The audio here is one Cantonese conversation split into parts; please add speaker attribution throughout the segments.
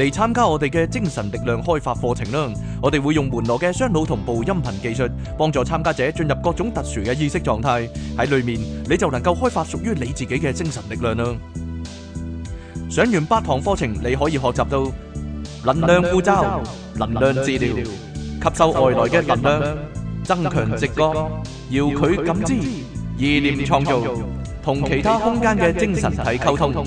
Speaker 1: 嚟參加我哋嘅精神力量開發課程啦！我哋會用門羅嘅雙腦同步音頻技術，幫助參加者進入各種特殊嘅意識狀態。喺裡面你就能夠開發屬於你自己嘅精神力量啦！上完八堂課程，你可以學習到能量護罩、能量治療、吸收外來嘅能量、增強直覺、遙距感知、意念創造、同其他空間嘅精神體溝通。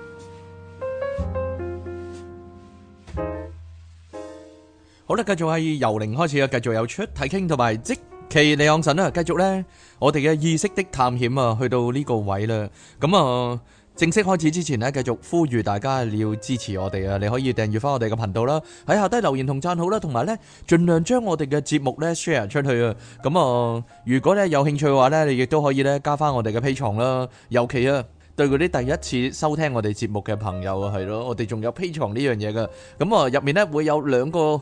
Speaker 1: 好啦，繼續係由零開始啊，繼續有出睇傾同埋即期嚟昂神啦。繼續咧，我哋嘅意識的探險啊，去到呢個位啦。咁、嗯、啊，正式開始之前咧，繼續呼籲大家你要支持我哋啊。你可以訂閱翻我哋嘅頻道啦，喺下低留言同讚好啦，同埋咧盡量將我哋嘅節目咧 share 出去啊。咁、嗯、啊，如果咧有興趣嘅話咧，你亦都可以咧加翻我哋嘅 Patreon 啦。尤其啊，對嗰啲第一次收聽我哋節目嘅朋友啊，係咯，我哋仲有 Patreon 呢樣嘢噶。咁、嗯、啊，入面咧會有兩個。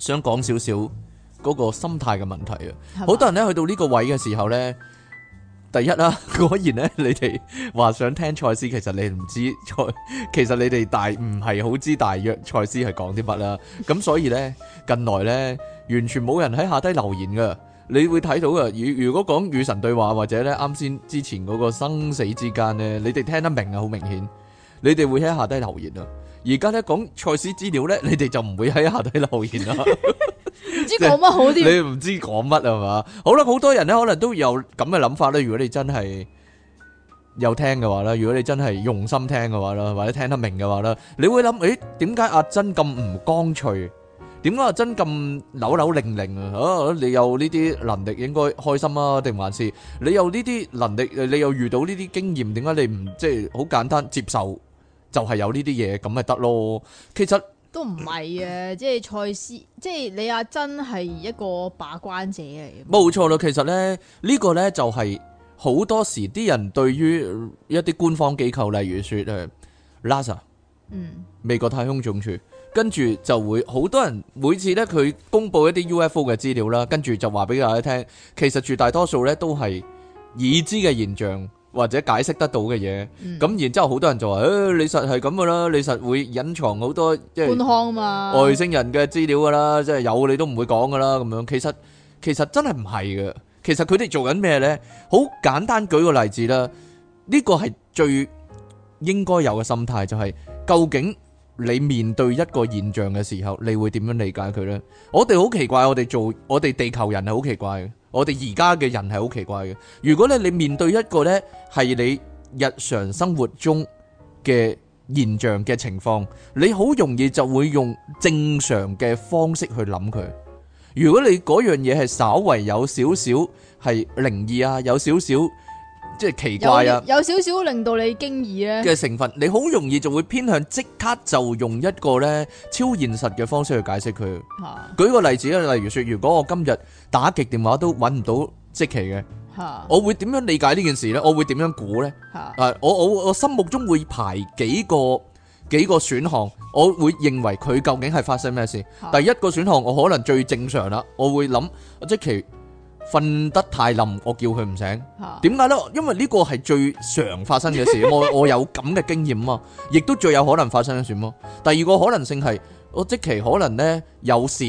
Speaker 1: 想講少少嗰個心態嘅問題啊，好吧多人咧，去到呢個位嘅時候呢，第一啦，果然呢，你哋話想聽賽斯，其實你唔知賽，其實你哋大唔係好知大約賽斯係講啲乜啦，咁所以呢，近來呢，完全冇人喺下低留言噶，你會睇到噶，如如果講與神對話或者呢啱先之前嗰個生死之間呢，你哋聽得明啊，好明顯，你哋會喺下低留言啊。而家咧講賽斯資料咧，你哋就唔會喺下底留言啦。
Speaker 2: 唔知講乜好啲，你唔
Speaker 1: 知講乜係嘛？好啦，好多人咧，可能都有咁嘅諗法咧。如果你真係有聽嘅話咧，如果你真係用心聽嘅話啦，或者聽得明嘅話咧，你會諗誒，點解阿珍咁唔乾脆？點解阿珍咁扭扭擰擰啊？啊，你有呢啲能力應該開心啊，定還是你有呢啲能力，你又遇到呢啲經驗，點解你唔即係好簡單接受？就係有呢啲嘢咁咪得咯，其實
Speaker 2: 都唔係、嗯、啊，即係賽斯，即係你阿珍係一個把關者嚟。
Speaker 1: 冇、嗯、錯啦，其實咧呢個呢，這個、就係好多時啲人對於一啲官方機構，例如誒 NASA，嗯，美國太空總署，跟住就會好多人每次呢，佢公佈一啲 UFO 嘅資料啦，跟住就話俾大家聽，其實絕大多數呢，都係已知嘅現象。或者解釋得到嘅嘢，咁然之後好多人就話，誒，你實係咁噶啦，你實會隱藏好多即
Speaker 2: 係外
Speaker 1: 星人嘅資料噶啦，即係有你都唔會講噶啦咁樣。其實其實真係唔係嘅，其實佢哋做緊咩咧？好簡單，舉個例子啦，呢個係最應該有嘅心態，就係究竟你面對一個現象嘅時候，你會點樣理解佢咧？我哋好奇怪，我哋做，我哋地球人係好奇怪嘅。我哋而家嘅人係好奇怪嘅。如果咧你面對一個咧係你日常生活中嘅現象嘅情況，你好容易就會用正常嘅方式去諗佢。如果你嗰樣嘢係稍為有少少係靈異啊，有少少即係奇怪啊，
Speaker 2: 有少少令到你驚異咧嘅
Speaker 1: 成分，你好容易就會偏向即刻就用一個咧超現實嘅方式去解釋佢。舉個例子啦，例如說，如果我今日。打極電話都揾唔到即期嘅，我會點樣理解呢件事呢？我會點樣估呢？啊，我我我心目中會排幾個幾個選項，我會認為佢究竟係發生咩事？第一個選項我可能最正常啦，我會諗即期瞓得太冧，我叫佢唔醒。點解呢？因為呢個係最常發生嘅事，我我有咁嘅經驗嘛，亦都最有可能發生嘅事咯。第二個可能性係我即期可能呢有事。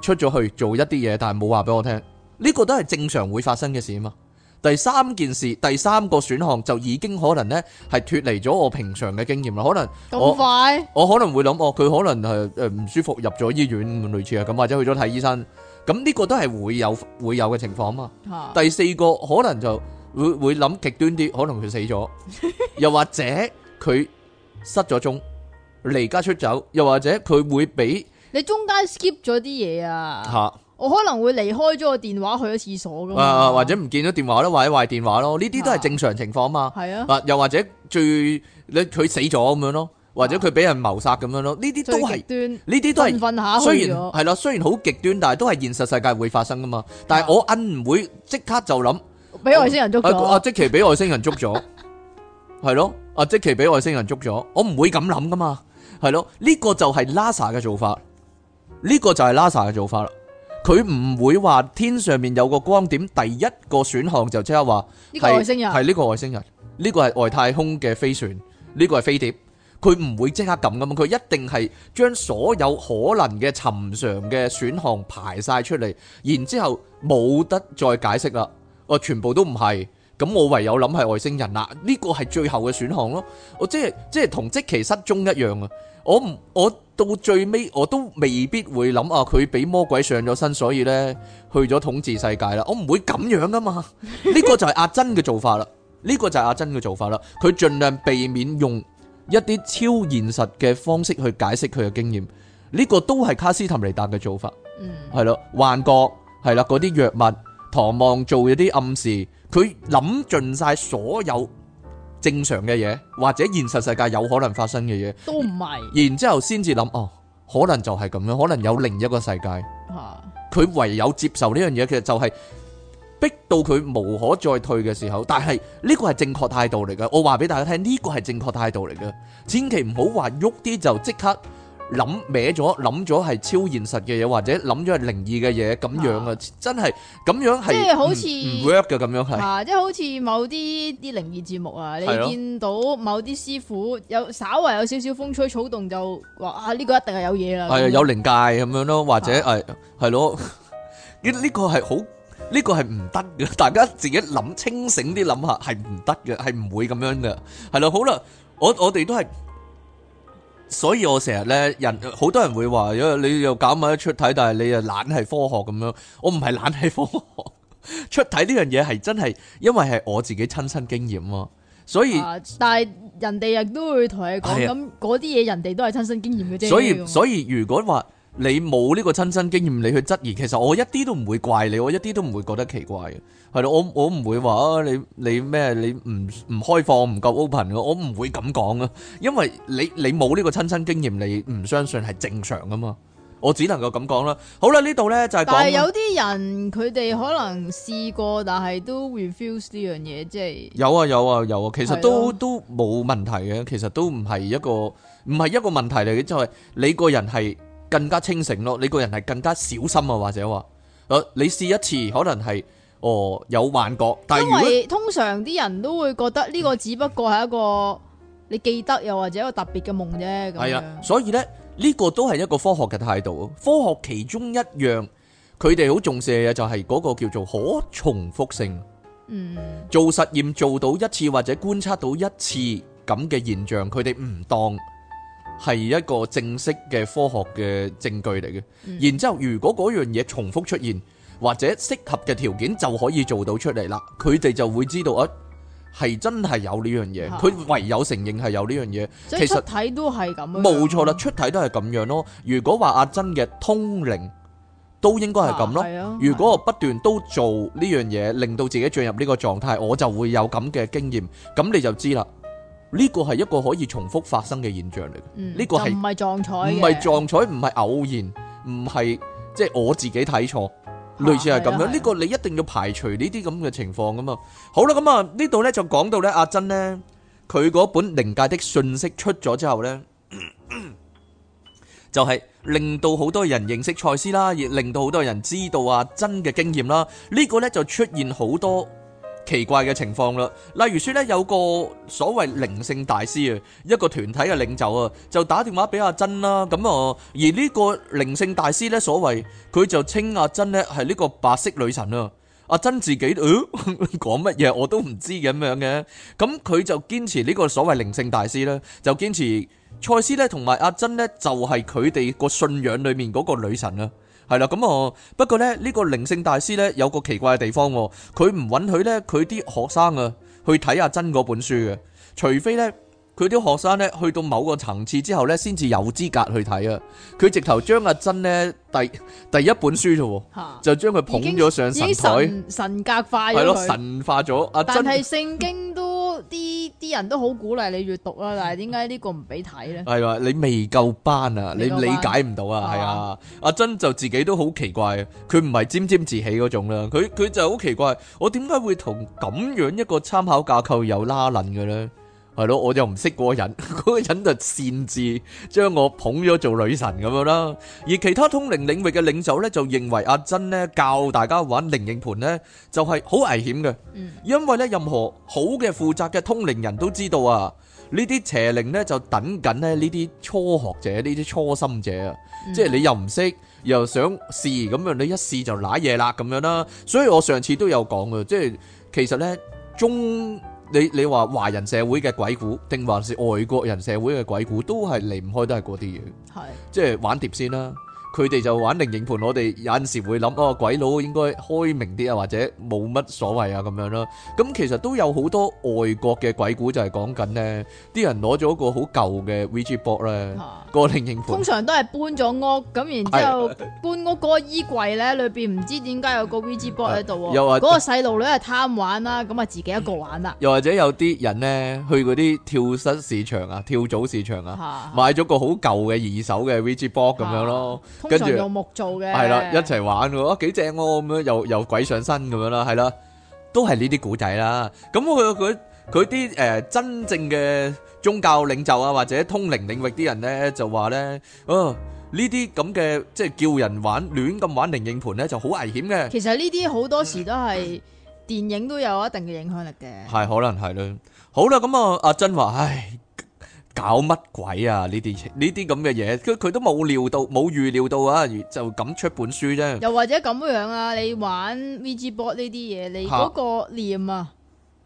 Speaker 1: 出咗去做一啲嘢，但係冇話俾我聽，呢個都係正常會發生嘅事啊嘛。第三件事，第三個選項就已經可能呢係脫離咗我平常嘅經驗啦。可能咁快，我可能會諗，哦，佢可能係誒唔舒服入咗醫院，類似啊咁，或者去咗睇醫生。咁呢個都係會有會有嘅情況啊嘛。第四個可能就會會諗極端啲，可能佢死咗，又或者佢失咗蹤，離家出走，又或者佢會俾。
Speaker 2: 你中間 skip 咗啲嘢啊？吓、啊，我可能會離開咗個電話去咗廁所噶，
Speaker 1: 或者唔見咗電話咯，或者壞電話咯，呢啲都係正常情況啊嘛。係啊，又或者最你佢死咗咁樣咯，或者佢俾人謀殺咁樣咯，呢啲都係呢啲都係，
Speaker 2: 雖然係
Speaker 1: 咯，雖然好極端，但係都係現實世界會發生噶嘛。但係我摁唔會即刻就諗
Speaker 2: 俾外星人捉咗、啊啊、即期
Speaker 1: 俾外星人捉咗，係咯 啊！啊即期俾外星人捉咗，我唔會咁諗噶嘛。係咯、啊，呢、啊這個就係 Lasa 嘅做法。呢個就係拉薩嘅做法啦，佢唔會話天上面有個光點，第一個選項就即刻話呢個外星人係呢個外星人，呢個係外、這個、外太空嘅飛船，呢、這個係飛碟，佢唔會即刻咁噶嘛，佢一定係將所有可能嘅尋常嘅選項排晒出嚟，然之後冇得再解釋啦，我全部都唔係，咁我唯有諗係外星人啦，呢、這個係最後嘅選項咯，我即係即係同即期失蹤一樣啊，我唔我。到最尾我都未必會諗啊，佢俾魔鬼上咗身，所以呢，去咗統治世界啦。我唔會咁樣噶嘛，呢 個就係阿珍嘅做法啦。呢、這個就係阿珍嘅做法啦。佢盡量避免用一啲超現實嘅方式去解釋佢嘅經驗。呢、這個都係卡斯滕尼達嘅做法。嗯，係咯，幻覺係啦，嗰啲藥物、唐望做一啲暗示，佢諗盡晒所有。正常嘅嘢，或者現實世界有可能發生嘅嘢，
Speaker 2: 都唔係。
Speaker 1: 然之後先至諗哦，可能就係咁樣，可能有另一個世界。
Speaker 2: 嚇！
Speaker 1: 佢唯有接受呢樣嘢，其實就係逼到佢無可再退嘅時候。但係呢個係正確態度嚟嘅，我話俾大家聽，呢個係正確態度嚟嘅，千祈唔好話喐啲就即刻。諗歪咗，諗咗係超現實嘅嘢，或者諗咗係靈異嘅嘢，咁樣啊，真係咁樣係，即係好似唔 work 嘅咁樣係，啊，即
Speaker 2: 係好似某啲啲靈異節目啊，你見到某啲師傅有稍為有少少風吹草動就話啊呢個一定係有嘢啦，係啊有
Speaker 1: 靈界咁樣咯，或者係係咯，呢呢個係好呢個係唔得嘅，大家自己諗清醒啲諗下，係唔得嘅，係唔會咁樣嘅，係啦，好啦，我我哋都係。所以我成日咧，人好多人會話，因為你又搞埋啲出體，但係你又懶係科學咁樣。我唔係懶係科學，出體呢樣嘢係真係，因為係我自己親身經驗啊。所以，
Speaker 2: 啊、但係人哋亦的都會同你講，咁嗰啲嘢人哋都係親身經驗嘅啫。所以，所
Speaker 1: 以如果話，你冇呢個親身經驗，你去質疑，其實我一啲都唔會怪你，我一啲都唔會覺得奇怪嘅，係咯，我我唔會話你，你你咩，你唔唔開放唔夠 open 嘅，我唔會咁講啊，因為你你冇呢個親身經驗，你唔相信係正常噶嘛，我只能夠咁講啦。好啦，呢度呢就係講，但係有
Speaker 2: 啲人佢哋可能試過，但係都 refuse 呢樣嘢，即係
Speaker 1: 有啊有啊有啊，其實都都冇問題嘅，其實都唔係一個唔係一個問題嚟嘅，就係你個人係。更加清醒咯，你個人係更加小心啊，或者話，誒，你試一次可能係，哦，有幻覺，但係如果
Speaker 2: 通常啲人都會覺得呢個只不過係一個你記得又或者一個特別嘅夢啫。係啊，
Speaker 1: 所以呢，呢個都係一個科學嘅態度。科學其中一樣佢哋好重視嘅嘢就係嗰個叫做可重複性。嗯，做實驗做到一次或者觀察到一次咁嘅現象，佢哋唔當，係一個正式嘅科學嘅證據嚟嘅，然之後如果嗰樣嘢重複出現或者適合嘅條件就可以做到出嚟啦，佢哋就會知道啊，係真係有呢樣嘢，佢唯有承認係有呢樣嘢。其實睇
Speaker 2: 都係咁啊，冇錯
Speaker 1: 啦，出體都係咁樣咯。如果話阿珍嘅通靈都應該係咁咯。如果我不斷都做呢樣嘢，令到自己進入呢個狀態，我就會有咁嘅經驗，咁你就知啦。呢個係一個可以重複發生嘅現象嚟嘅，呢個係唔
Speaker 2: 係撞彩？唔係撞
Speaker 1: 彩，唔係偶然，唔係即係我自己睇錯，啊、類似係咁樣。呢的個你一定要排除呢啲咁嘅情況噶嘛。的好啦，咁啊呢度呢就講到呢，阿珍呢，佢嗰本《靈界的訊息》出咗之後呢， 就係、是、令到好多人認識賽斯啦，亦令到好多人知道阿珍嘅經驗啦。呢、這個呢就出現好多。奇怪嘅情況啦，例如説咧有個所謂靈性大師啊，一個團體嘅領袖啊，就打電話俾阿珍啦，咁啊，而呢個靈性大師咧，所謂佢就稱阿珍咧係呢個白色女神啊，阿珍自己誒講乜嘢我都唔知嘅咁樣嘅，咁佢就堅持呢個所謂靈性大師咧，就堅持賽斯咧同埋阿珍咧就係佢哋個信仰裏面嗰個女神啊。係啦，咁啊、嗯，不過咧，呢個靈性大師咧有個奇怪嘅地方，佢唔允許咧佢啲學生啊去睇阿珍嗰本書嘅，除非咧。佢啲學生咧去到某個層次之後咧，先至有資格去睇啊！佢直頭將阿珍咧第第一本書啫哈就將佢捧咗上神台，神，
Speaker 2: 神格化咗佢，神
Speaker 1: 化咗阿珍。但係
Speaker 2: 聖經都啲啲人都好鼓勵你閲讀啦，但係點解呢個唔俾睇咧？
Speaker 1: 係啊，你未夠班啊，班你理解唔到啊，係啊，啊！阿珍就自己都好奇怪，佢唔係沾沾自喜嗰種啦，佢佢就好奇怪，我點解會同咁樣一個參考架構有拉楞嘅咧？係咯，我就唔識嗰個人，嗰、那個人就擅自將我捧咗做女神咁樣啦。而其他通靈領域嘅領袖呢，就認為阿珍呢教大家玩靈應盤呢，就係、是、好危險嘅。因為呢，任何好嘅負責嘅通靈人都知道啊，呢啲邪靈呢，就等緊咧呢啲初學者、呢啲初心者啊，嗯、即係你又唔識又想試咁樣，你一試就瀨嘢啦咁樣啦。所以我上次都有講嘅，即係其實呢。中。你你話華人社會嘅鬼故，定還是外國人社會嘅鬼故，都係離唔開都，都係嗰啲嘢，係，即係玩碟仙啦。佢哋就玩靈應盤，我哋有陣時會諗哦，鬼佬應該開明啲啊，或者冇乜所謂啊咁樣咯。咁其實都有好多外國嘅鬼故就，就係講緊呢啲人攞咗個好舊嘅 V G board 咧的個靈應盤，通常
Speaker 2: 都係搬咗屋咁，然後之後搬屋嗰個衣櫃咧，裏邊唔知點解有個 V G board 喺度又話嗰個細路女係貪玩啦，咁啊自己一個玩啦。
Speaker 1: 又或者有啲人呢，去嗰啲跳蚤市場啊、跳蚤市場啊，的買咗個好舊嘅二手嘅 V G board 咁樣咯。通常用木
Speaker 2: 做嘅，係啦，一
Speaker 1: 齊玩嘅，哇，幾正哦，咁樣又又鬼上身咁樣啦，係啦，都係呢啲古仔啦。咁我佢佢啲誒真正嘅宗教領袖啊，或者通靈領域啲人咧，就話咧，哦，呢啲咁嘅即係叫人玩亂咁玩靈應盤咧，就好危險嘅。其
Speaker 2: 實呢啲好多時都係電影都有一定嘅影響力嘅。
Speaker 1: 係，可能係啦。好啦，咁啊啊，珍話唉。搞乜鬼啊！呢啲呢啲咁嘅嘢，佢佢都冇料到，冇預料到啊！就咁出本書啫。又
Speaker 2: 或者咁樣啊？你玩 VG board 呢啲嘢，你嗰個念啊？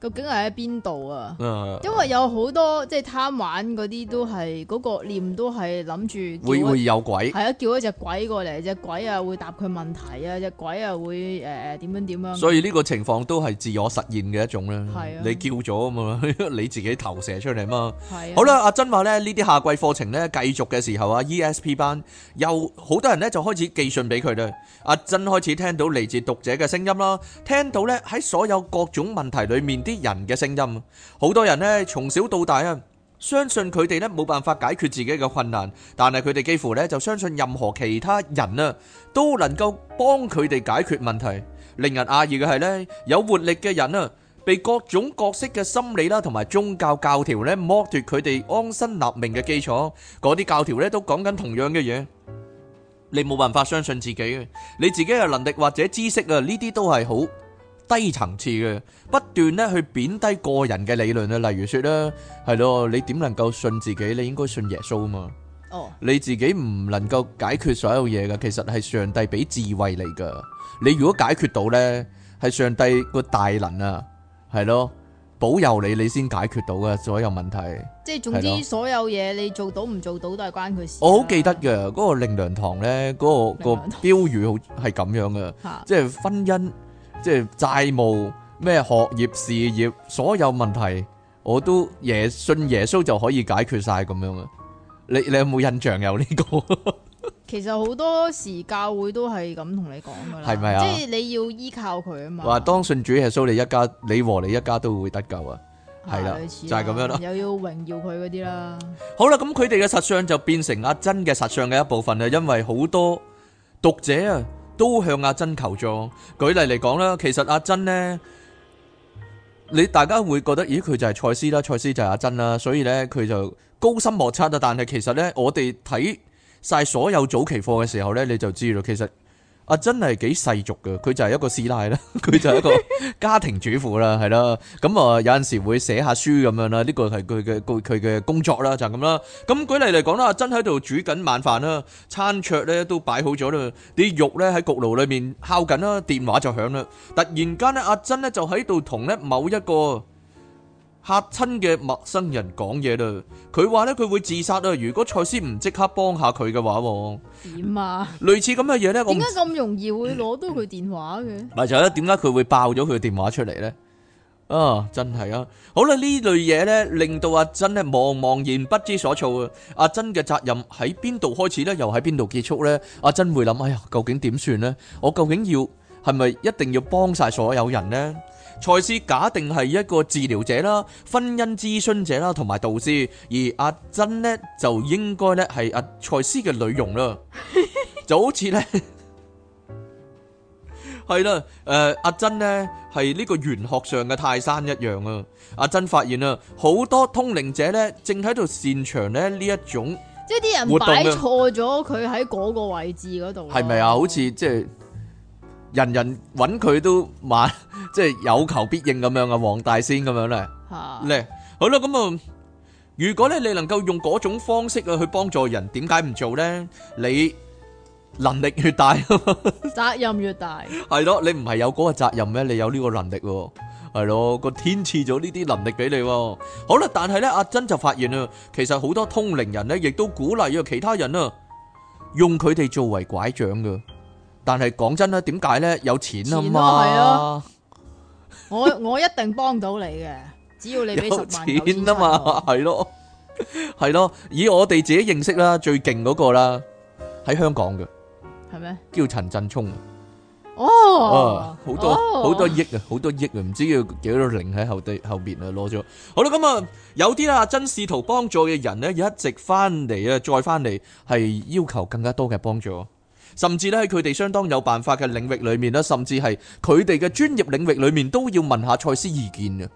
Speaker 2: 究竟係喺邊度啊？因為有好多即係貪玩嗰啲都係嗰個念，都係諗住會會有鬼係啊！叫一隻鬼過嚟，隻鬼啊會答佢問題啊，隻鬼啊會誒誒點樣點樣？所以
Speaker 1: 呢個情況都係自我實現嘅一種啦。係啊，你叫咗啊嘛，你自己投射出嚟啊嘛。係好啦，阿珍話咧，呢啲夏季課程咧繼續嘅時候啊，ESP 班又好多人咧，就開始寄信俾佢咧。阿珍開始聽到嚟自讀者嘅聲音啦，聽到咧喺所有各種問題裏面啲。人嘅聲音，好多人呢從小到大啊，相信佢哋呢冇辦法解決自己嘅困難，但係佢哋幾乎呢就相信任何其他人啊都能夠幫佢哋解決問題。令人訝異嘅係呢，有活力嘅人啊，被各種角色嘅心理啦，同埋宗教教條呢剝奪佢哋安身立命嘅基礎。嗰啲教條呢都講緊同樣嘅嘢，你冇辦法相信自己啊，你自己嘅能力或者知識啊，呢啲都係好。低層次嘅，不斷咧去貶低個人嘅理論啊，例如說咧，係咯，你點能夠信自己？你應該信耶穌啊嘛。哦，oh. 你自己唔能夠解決所有嘢嘅，其實係上帝俾智慧嚟噶。你如果解決到咧，係上帝個大能啊，係咯，保佑你，你先解決到嘅所有問題。
Speaker 2: 即係總之，所有嘢你做到唔做到都係關佢事啊。我好
Speaker 1: 記得嘅嗰，那個靈糧堂咧，嗰，那個個標語好係咁樣嘅，即係 婚姻。即係債務咩、學業、事業，所有問題，我都耶，信耶穌就可以解決晒，咁樣嘅！你你有冇印象有呢個？
Speaker 2: 其實好多時教會都係咁同你講噶
Speaker 1: 啦，係咪啊即係
Speaker 2: 你要依靠佢啊嘛。話
Speaker 1: 當信主耶穌，你一家你和你一家都會得救啊！係啦，就係咁樣啦，又
Speaker 2: 要榮耀佢嗰啲啦。
Speaker 1: 好啦，咁佢哋嘅實相就變成阿珍嘅實相嘅一部分啊，因為好多讀者啊。都向阿珍求助。舉例嚟講啦，其實阿珍呢，你大家會覺得，咦，佢就係賽斯啦，賽斯就係阿珍啦，所以呢，佢就高深莫測啊。但係其實呢，我哋睇晒所有早期課嘅時候呢，你就知道其實。阿珍係幾世俗嘅，佢就係一個師奶啦，佢就係一個家庭主婦啦，係啦， 咁、嗯、啊有陣時會寫下書咁樣啦，呢個係佢嘅佢嘅工作啦，就咁、是、啦。咁、嗯、舉例嚟講啦，阿珍喺度煮緊晚飯啦，餐桌咧都擺好咗啦，啲肉咧喺焗爐裏面烤緊啦，電話就響啦，突然間咧阿珍咧就喺度同咧某一個。嚇親嘅陌生人講嘢啦，佢話咧佢會自殺啊！如果賽斯唔即刻幫下佢嘅話，點啊？類似咁嘅嘢咧，點
Speaker 2: 解咁容易會攞到佢電話嘅？
Speaker 1: 咪就係啦，點解佢會爆咗佢電話出嚟咧？啊，真係啊！好啦，呢類嘢咧，令到阿珍咧，茫茫然不知所措啊！阿珍嘅責任喺邊度開始咧？又喺邊度結束咧？阿珍會諗，哎呀，究竟點算咧？我究竟要係咪一定要幫晒所有人咧？賽斯假定係一個治療者啦，婚姻諮詢者啦，同埋導師，而阿珍呢，就應該咧係阿賽斯嘅女傭啦， 就好似咧係啦，誒、 呃，阿珍呢，係呢個玄學上嘅泰山一樣啊！阿珍發現啊，好多通靈者咧正喺度擅長咧呢一種，
Speaker 2: 即係啲人擺錯咗佢喺嗰個位置嗰度，係
Speaker 1: 咪啊？好似即係。人人揾佢都買，即係有求必應咁樣啊！黃大仙咁樣咧，咧好啦，咁啊，如果咧你能夠用嗰種方式啊去幫助人，點解唔做咧？你能力越大，
Speaker 2: 責任越大，
Speaker 1: 係咯？你唔係有嗰個責任咩？你有呢個能力，係咯？個天賜咗呢啲能力俾你，好啦。但係咧，阿珍就發現啊，其實好多通靈人咧，亦都鼓勵咗其他人啊，用佢哋作為拐杖㗎。但係講真啦，點解咧？有錢啊嘛，
Speaker 2: 我我一定幫到你嘅，只要你俾十
Speaker 1: 萬錢啊嘛，係咯係咯，以我哋自己認識啦，最勁嗰、嗰個啦，喺香港嘅係咩？嗎叫陳振聰哦，
Speaker 2: 好、哦、多好、哦、多億
Speaker 1: 啊，好多億啊，唔知要幾多零喺後底後邊啊攞咗。好啦，咁啊有啲啊真試圖幫助嘅人咧，一直翻嚟啊，再翻嚟係要求更加多嘅幫助。甚至咧喺佢哋相當有辦法嘅領域裏面咧，甚至係佢哋嘅專業領域裏面都要問下賽斯意見嘅，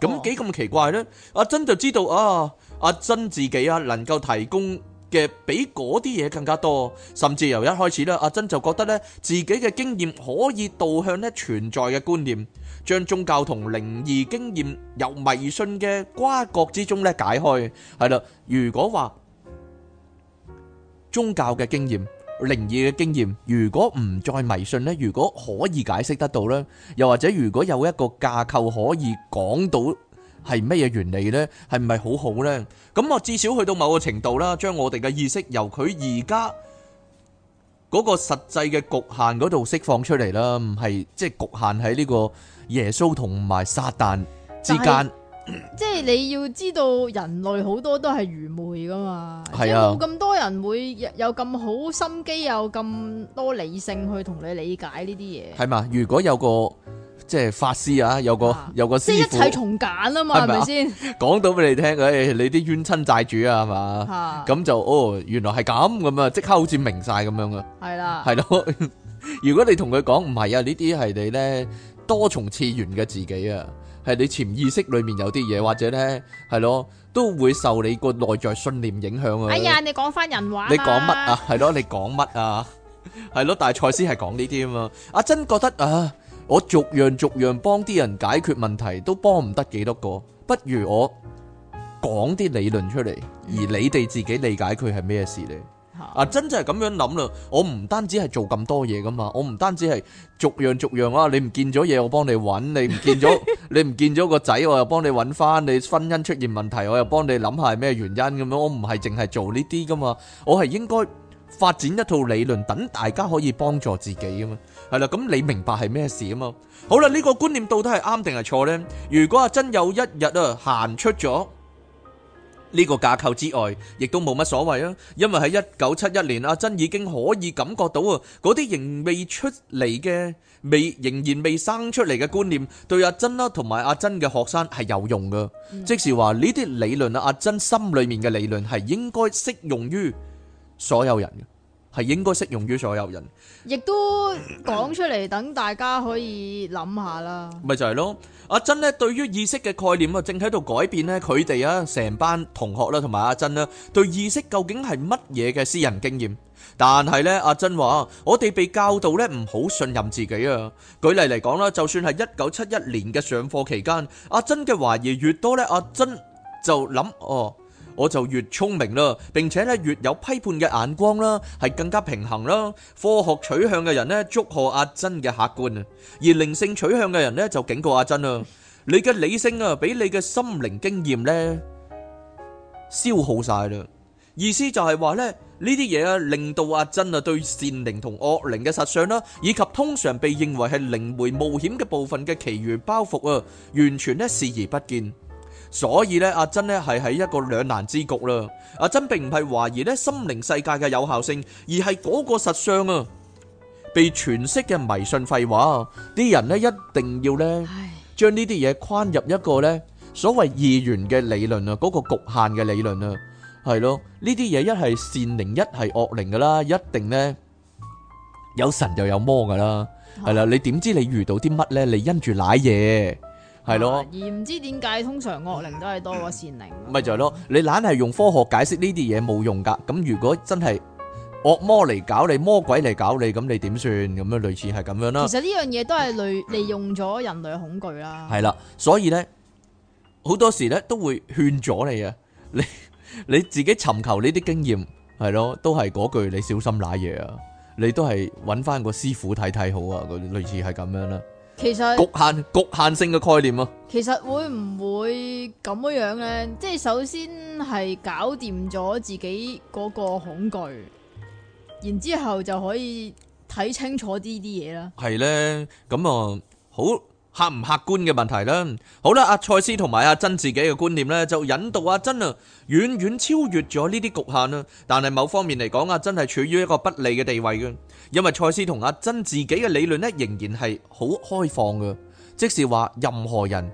Speaker 1: 咁幾咁奇怪咧？阿珍就知道啊，阿珍自己啊能夠提供嘅比嗰啲嘢更加多，甚至由一開始咧，阿珍就覺得咧自己嘅經驗可以導向咧存在嘅觀念，將宗教同靈異經驗由迷信嘅瓜葛之中咧解開。係啦，如果話宗教嘅經驗。靈異嘅經驗，如果唔再迷信呢，如果可以解釋得到呢，又或者如果有一個架構可以講到係乜嘢原理呢，係唔係好好呢？咁我至少去到某個程度啦，將我哋嘅意識由佢而家嗰個實際嘅局限嗰度釋放出嚟啦，唔係即係局限喺呢個耶穌同埋撒旦之間。
Speaker 2: 即係你要知道，人類好多都係愚昧噶嘛，啊、即係冇咁多人會有咁好心機，有咁多理性去同你理解呢啲嘢。
Speaker 1: 係嘛，如果有個即係法師啊，有個、啊、有個師傅，即係一切從
Speaker 2: 簡啊嘛，係咪先？
Speaker 1: 講到俾你聽，誒，你啲冤親債主啊，係嘛，咁、啊、就哦，原來係咁咁啊，即刻好似明晒咁樣噶。係啦，係咯。如果你同佢講唔係啊，呢啲係你咧多重次元嘅自己啊。係你潛意識裏面有啲嘢，或者呢，係咯，都會受你個內在信念影響啊！哎呀，
Speaker 2: 你講翻人話，你講乜
Speaker 1: 啊？係咯，你講乜啊？係咯，但係賽斯係講呢啲啊嘛。阿珍覺得啊，我逐樣逐樣幫啲人解決問題，都幫唔得幾多個，不如我講啲理論出嚟，而你哋自己理解佢係咩事呢？啊！真就係咁樣諗啦，我唔單止係做咁多嘢噶嘛，我唔單止係逐樣逐樣啦。你唔見咗嘢，我幫你揾；你唔見咗，你唔見咗個仔，我又幫你揾翻。你婚姻出現問題，我又幫你諗下係咩原因咁樣。我唔係淨係做呢啲噶嘛，我係應該發展一套理論，等大家可以幫助自己噶嘛。係啦，咁你明白係咩事啊嘛？好啦，呢個觀念到底係啱定係錯呢？如果阿真有一日啊行出咗。呢個架構之外，亦都冇乜所謂啊！因為喺一九七一年，阿珍已經可以感覺到啊，嗰啲仍未出嚟嘅、未仍然未生出嚟嘅觀念，對阿珍啦同埋阿珍嘅學生係有用噶。嗯、即係話呢啲理論啊，阿珍心裏面嘅理論係應該適用於所有人嘅。係應該適用於所有人，
Speaker 2: 亦都講出嚟，等大家可以諗下啦。
Speaker 1: 咪就係咯，阿珍呢對於意識嘅概念啊，正喺度改變呢，佢哋啊成班同學啦，同埋阿珍啦，對意識究竟係乜嘢嘅私人經驗。但係呢，阿珍話我哋被教導呢唔好信任自己啊。舉例嚟講啦，就算係一九七一年嘅上課期間，阿珍嘅懷疑越多呢，阿珍就諗哦。我就越聰明啦，並且咧越有批判嘅眼光啦，係更加平衡啦。科學取向嘅人呢，祝賀阿珍嘅客觀，而靈性取向嘅人呢，就警告阿珍啦，你嘅理性啊畀你嘅心靈經驗呢，消耗晒啦。意思就係話呢，呢啲嘢啊，令到阿珍啊對善靈同惡靈嘅實相啦，以及通常被認為係靈媒冒險嘅部分嘅其餘包袱啊，完全咧視而不見。所以咧，阿珍咧係喺一個兩難之局啦。阿珍並唔係懷疑咧心靈世界嘅有效性，而係嗰個實相啊，被詮釋嘅迷信廢話。啲人咧一定要咧，將呢啲嘢框入一個咧所謂二元嘅理論啊，嗰個局限嘅理論啊，係咯。呢啲嘢一係善靈，一係惡靈噶啦，一定咧有神就有魔噶啦，
Speaker 2: 係啦。你
Speaker 1: 點知你遇到啲乜咧？你因住舐嘢。係咯，而
Speaker 2: 唔知點解通常惡靈都係多過善靈。
Speaker 1: 咪就係咯，你懶係用科學解釋呢啲嘢冇用噶。咁如果真係惡魔嚟搞你，魔鬼嚟搞你，咁你點算？咁樣類似係咁樣啦。其實呢
Speaker 2: 樣嘢都係利利用咗人類恐懼啦。係
Speaker 1: 啦，所以咧好多時咧都會勸阻你啊，你你自己尋求呢啲經驗，係咯，都係嗰句，你小心瀨嘢啊，你都係揾翻個師傅睇睇好啊，佢類似係咁樣啦。其實局限局限性嘅概念啊，
Speaker 2: 其實會唔會咁樣樣咧？即係首先係搞掂咗自己嗰個恐懼，然之後就可以睇清楚呢啲嘢啦。
Speaker 1: 係咧、嗯，咁啊好。嗯嗯嗯客唔客觀嘅問題啦。好啦，阿賽斯同埋阿珍自己嘅觀念咧，就引導阿珍啊，遠遠超越咗呢啲局限啦。但係某方面嚟講啊，真係處於一個不利嘅地位嘅，因為賽斯同阿珍自己嘅理論咧，仍然係好開放嘅，即使話任何人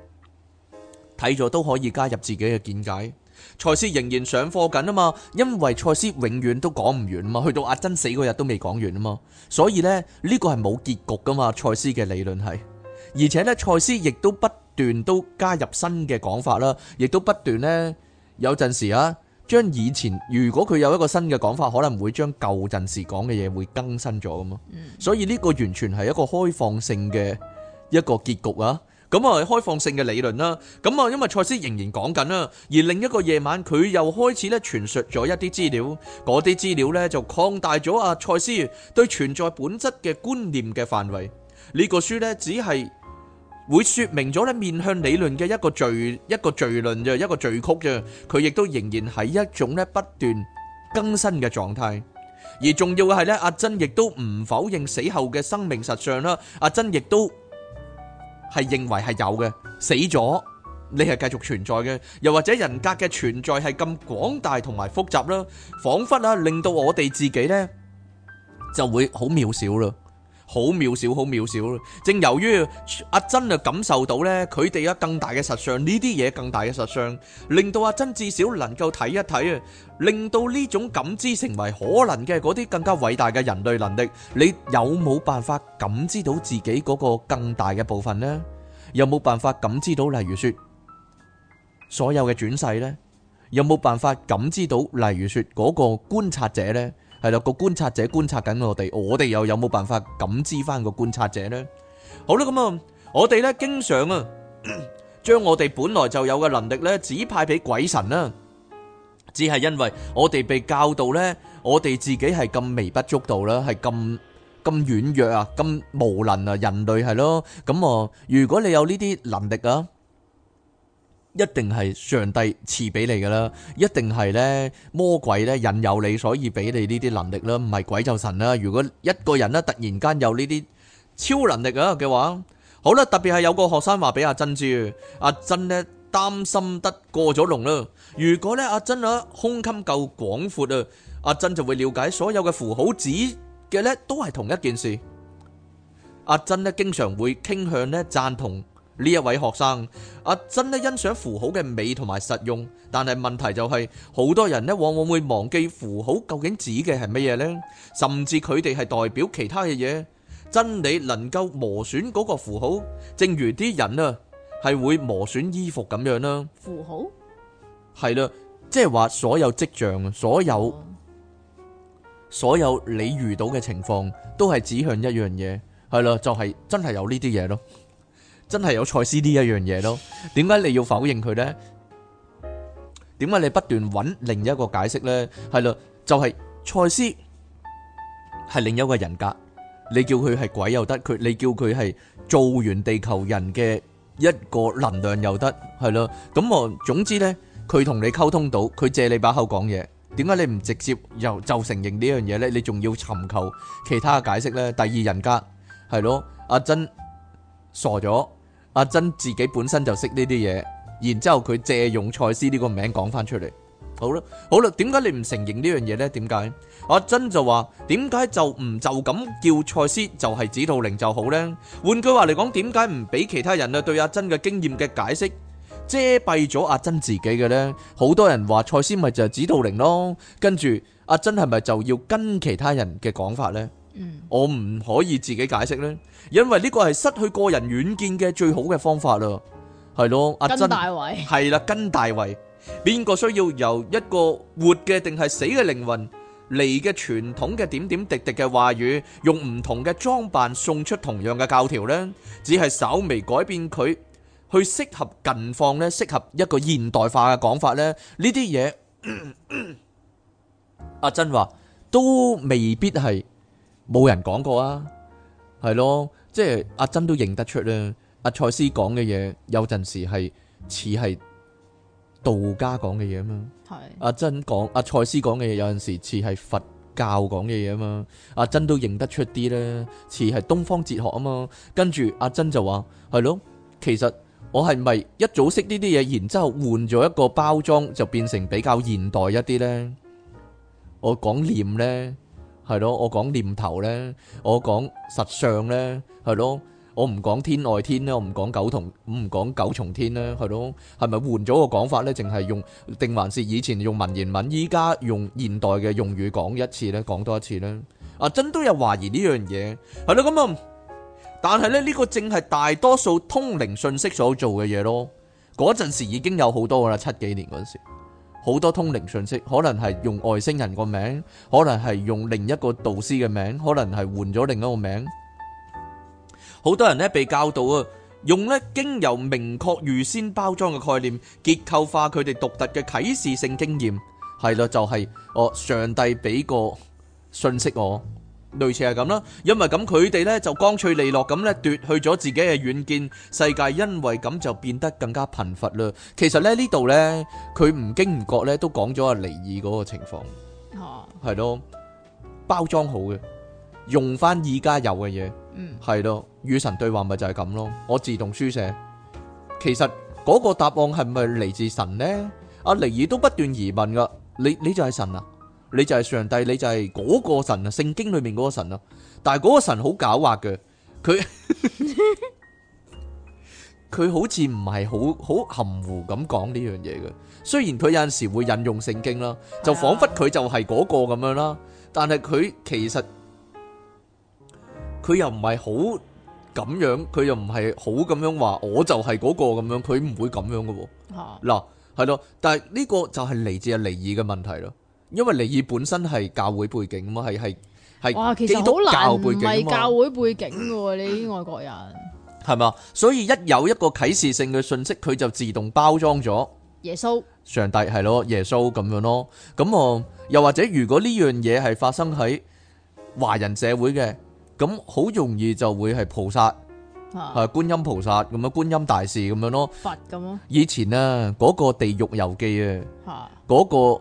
Speaker 1: 睇咗都可以加入自己嘅見解。賽斯仍然上課緊啊嘛，因為賽斯永遠都講唔完啊嘛，去到阿珍死嗰日都未講完啊嘛，所以呢，呢個係冇結局噶嘛，賽斯嘅理論係。而且咧，賽斯亦都不斷都加入新嘅講法啦，亦都不斷呢。有陣時啊，將以前如果佢有一個新嘅講法，可能會將舊陣時講嘅嘢會更新咗咁嘛。所以呢個完全係一個開放性嘅一個結局啊！咁啊，開放性嘅理論啦。咁啊，因為賽斯仍然講緊啦，而另一個夜晚佢又開始咧傳述咗一啲資料，嗰啲資料呢，就擴大咗啊賽斯對存在本質嘅觀念嘅範圍。呢個書呢，只係，會說明咗咧面向理論嘅一個序一個序論啫一個序曲啫，佢亦都仍然係一種咧不斷更新嘅狀態。而重要嘅係咧，阿珍亦都唔否認死後嘅生命實相啦。阿珍亦都係認為係有嘅，死咗你係繼續存在嘅，又或者人格嘅存在係咁廣大同埋複雜啦，仿佛啊令到我哋自己咧就會好渺小啦。好渺小，好渺小。正由於阿珍啊感受到咧，佢哋有更大嘅實相，呢啲嘢更大嘅實相，令到阿珍至少能夠睇一睇啊，令到呢種感知成為可能嘅嗰啲更加偉大嘅人類能力，你有冇辦法感知到自己嗰個更大嘅部分呢？有冇辦法感知到，例如説所有嘅轉世呢？有冇辦法感知到，例如説嗰個觀察者呢？係啦，個觀察者觀察緊我哋，我哋又有冇辦法感知翻個觀察者呢？好啦，咁啊，我哋呢經常啊，將我哋本來就有嘅能力呢，指派俾鬼神啦，啊，只係因為我哋被教導呢，我哋自己係咁微不足道啦，係咁咁軟弱啊，咁無能啊，人類係咯，咁啊，如果你有呢啲能力啊。一定係上帝賜俾你噶啦，一定係咧魔鬼咧引誘你，所以俾你呢啲能力啦，唔係鬼就神啦。如果一個人咧突然間有呢啲超能力啊嘅話，好啦，特別係有個學生話俾阿珍知，阿珍咧擔心得過咗龍啦。如果咧阿珍啊胸襟夠廣闊啊，阿珍就會了解所有嘅符號指嘅咧都係同一件事。阿珍咧經常會傾向咧贊同。呢一位學生阿珍咧欣賞符號嘅美同埋實用，但係問題就係、是、好多人咧往往會忘記符號究竟指嘅係乜嘢咧，甚至佢哋係代表其他嘅嘢，真理能夠磨損嗰個符號，正如啲人啊係會磨損衣服咁樣啦。符號係啦，即係話所有跡象，所有，哦、所有你遇到嘅情況都係指向一樣嘢，係啦，就係、是、真係有呢啲嘢咯。真係有賽斯呢一樣嘢咯，點解你要否認佢呢？點解你不斷揾另一個解釋呢？係咯，就係賽斯係另一個人格。你叫佢係鬼又得，佢你叫佢係做完地球人嘅一個能量又得，係咯。咁我，總之呢，佢同你溝通到，佢借你把口講嘢。點解你唔直接又就承認呢樣嘢呢？你仲要尋求其他嘅解釋呢？第二人格係咯，阿珍傻咗。阿珍自己本身就識呢啲嘢，然之後佢借用蔡司呢個名講翻出嚟，好啦，好啦，點解你唔承認呢樣嘢呢？點解？阿珍就話點解就唔就咁叫蔡司就係指導靈就好呢？換句話嚟講，點解唔俾其他人啊對阿珍嘅經驗嘅解釋遮蔽咗阿珍自己嘅呢？好多人話蔡司咪就係指導靈咯，跟住阿珍係咪就要跟其他人嘅講法呢？我唔可以自己解釋咧，因為呢個係失去個人遠見嘅最好嘅方法啦，係咯，阿珍係啦，跟大衛，邊個需要由一個活嘅定係死嘅靈魂嚟嘅傳統嘅點點滴滴嘅話語，用唔同嘅裝扮送出同樣嘅教條咧，只係稍微改變佢去適合近況咧，適合一個現代化嘅講法咧，呢啲嘢，阿珍話都未必係。冇人講過啊，係咯，即係阿珍都認得出咧。阿賽斯講嘅嘢有陣時係似係道家講嘅嘢啊嘛，是阿珍講阿賽斯講嘅嘢有陣時似係佛教講嘅嘢啊嘛。阿珍都認得出啲咧，似係東方哲學啊嘛。跟住阿珍就話：，係咯，其實我係咪一早識呢啲嘢，然之後換咗一個包裝，就變成比較現代一啲咧？我講念咧。係咯，我講念頭呢，我講實相呢，係咯，我唔講天外天咧，我唔講九同唔講九重天咧，係咯，係咪換咗個講法呢？淨係用，定還是以前用文言文，依家用現代嘅用語講一次呢？講多一次呢？啊，珍都有懷疑呢樣嘢，係咯咁啊，但係呢，呢個正係大多數通靈信息所做嘅嘢咯。嗰陣時已經有好多噶啦，七幾年嗰陣時。好多通靈信息，可能係用外星人個名，可能係用另一個導師嘅名，可能係換咗另一個名。好多人呢，被教導啊，用呢經由明確預先包裝嘅概念，結構化佢哋獨特嘅啟示性經驗。係咯，就係哦，上帝俾個信息我。類似係咁啦，因為咁佢哋呢就乾脆利落咁呢，奪去咗自己嘅遠見世界，因為咁就變得更加貧乏啦。其實咧呢度呢，佢唔經唔覺呢都講咗阿尼爾嗰個情況，係咯、啊、包裝好嘅，用翻而家有嘅嘢，係咯，與神對話咪就係咁咯，我自動書寫。其實嗰個答案係咪嚟自神呢？阿、啊、尼爾都不斷疑問噶，你你就係神啊？你就係上帝，你就係嗰個神啊，聖經裏面嗰個神啊，但係嗰個神好狡猾嘅，佢佢 好似唔係好好含糊咁講呢樣嘢嘅。雖然佢有陣時會引用聖經啦，就仿佛佢就係嗰個咁樣啦、啊，但係佢其實佢又唔係好咁樣，佢又唔係好咁樣話，我就係嗰個咁樣，佢唔會咁樣嘅喎。嗱，係咯，但係呢個就係嚟自啊離異嘅問題啦。因為李爾本身係教會背景嘛，係係係基督教背景嘛。哇，其實好難唔係教
Speaker 2: 會背景嘅喎，你啲外國人
Speaker 1: 係嘛？所以一有一個啟示性嘅信息，佢就自動包裝咗耶穌、上帝係咯，耶穌咁樣咯。咁我又或者如果呢樣嘢係發生喺華人社會嘅，咁好容易就會係菩薩，係觀音菩薩咁樣，觀音大士咁樣咯，佛咁咯。以前啊，嗰個地獄遊記啊，嗰個。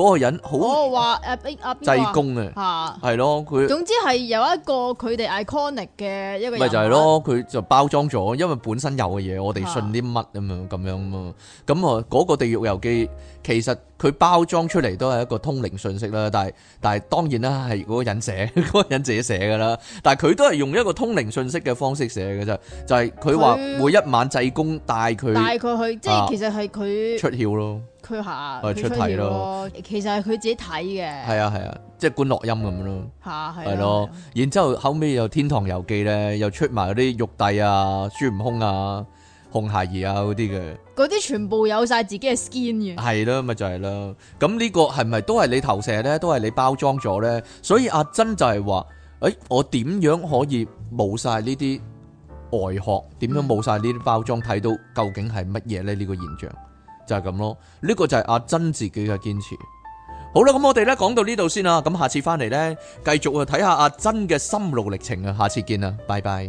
Speaker 1: 嗰個人好，我話
Speaker 2: 誒濟公阿邊個
Speaker 1: 係咯佢。啊啊、總
Speaker 2: 之係有一個佢哋 iconic 嘅一個咪就係咯，
Speaker 1: 佢就包裝咗，因為本身有嘅嘢，我哋信啲乜啊嘛，咁樣啊。咁啊，嗰、那個《地獄遊記》其實佢包裝出嚟都係一個通靈信息啦。但係但係當然啦，係嗰個人寫，嗰 個人自己寫噶啦。但係佢都係用一個通靈信息嘅方式寫嘅啫，就係佢話每一晚濟公帶佢，帶佢去，即係、啊、其實
Speaker 2: 係佢出竅咯。下出睇咯，其實係佢自己睇嘅。
Speaker 1: 係啊係啊，即係觀落陰咁咯。吓係、嗯，係咯、啊。然之後後尾又《天堂遊記》咧，又出埋嗰啲玉帝啊、孫悟空啊、紅孩兒啊嗰啲嘅。
Speaker 2: 嗰啲全部有晒自己嘅 skin 嘅。
Speaker 1: 係咯、啊，咪就係、是、咯、啊。咁呢個係咪都係你投射咧？都係你包裝咗咧？所以阿珍就係話：誒，我點樣可以冇晒呢啲外殼？點樣冇晒呢啲包裝？睇到究竟係乜嘢咧？呢、這個現象。就係咁咯，呢個就係阿珍自己嘅堅持。好啦，咁我哋咧講到呢度先啦，咁下次翻嚟咧，繼續去睇下阿珍嘅心路歷程啊，下次見啦，拜拜。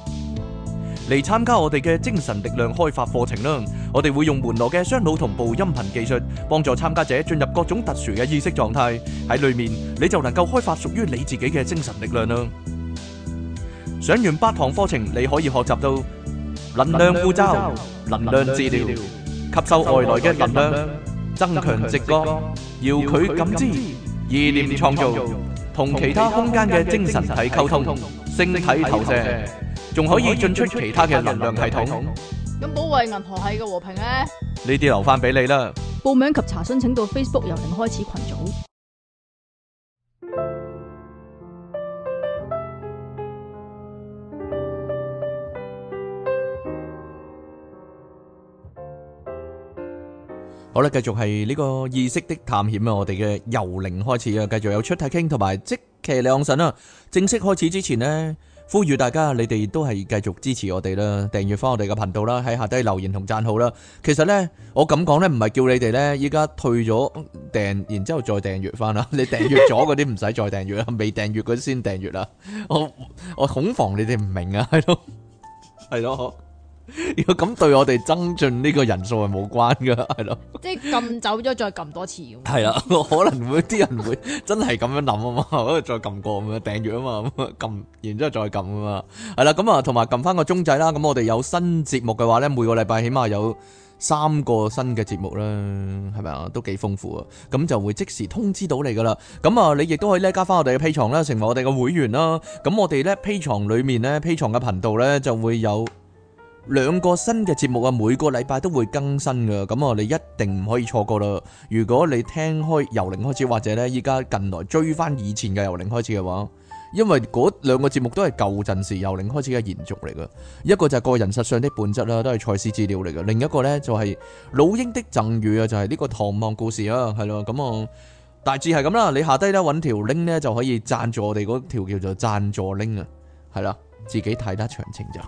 Speaker 1: 嚟參加我哋嘅精神力量開發課程啦！我哋會用門羅嘅雙腦同步音頻技術，幫助參加者進入各種特殊嘅意識狀態。喺裏面你就能夠開發屬於你自己嘅精神力量啦！上完八堂課程，你可以學習到能量護罩、能量治療、吸收外來嘅能量、增強直覺、遙距感知、意念創造、同其他空間嘅精神體溝通、星體投射，仲可以進出其他嘅能量系統。
Speaker 2: 咁保衛銀河系嘅和平咧？
Speaker 1: 呢啲留翻俾你啦。
Speaker 2: 報名及查詢，請到 Facebook 由零開始群組。
Speaker 1: 好啦，繼續係呢個意識的探險啊！我哋嘅由零開始啊，繼續有出體傾同埋即騎兩神啊！正式開始之前呢，呼籲大家，你哋都係繼續支持我哋啦，訂閱翻我哋嘅頻道啦，喺下低留言同讚好啦。其實呢，我咁講呢，唔係叫你哋呢，依家退咗訂，然之後再訂閱翻啦。 你訂閱咗嗰啲唔使再訂閱啦， 未訂閱嗰啲先訂閱啦。我我恐防你哋唔明啊，係咯，係咯，好。如果咁對我哋增進呢個人數係冇關噶，係咯，
Speaker 2: 即係撳走咗再撳多次。係 啊，可
Speaker 1: 能會啲人會真係咁樣諗啊嘛，再撳過咁樣訂閱啊嘛，撳然之後再撳啊嘛，係啦，咁啊同埋撳翻個鐘仔啦。咁我哋有新節目嘅話咧，每個禮拜起碼有三個新嘅節目啦，係咪啊？都幾豐富啊！咁就會即時通知到你噶啦。咁啊，你亦都可以咧加翻我哋嘅 Patreon 啦，成為我哋嘅會員啦。咁我哋咧 Patreon 裏面咧 Patreon 嘅頻道咧就會有。兩個新嘅節目啊，每個禮拜都會更新噶，咁啊，你一定唔可以錯過啦！如果你聽開由零開始，或者呢依家近來追翻以前嘅由零開始嘅話，因為嗰兩個節目都係舊陣時由零開始嘅延續嚟噶，一個就係個人實相的本質啦，都係賽斯資料嚟噶，另一個呢，就係老鷹的贈予啊，就係呢個唐望故事啊，係咯，咁啊，大致係咁啦，你下低咧揾條 link 呢，就可以贊助我哋嗰條叫做贊助 link 啊，係啦，自己睇得詳情咋。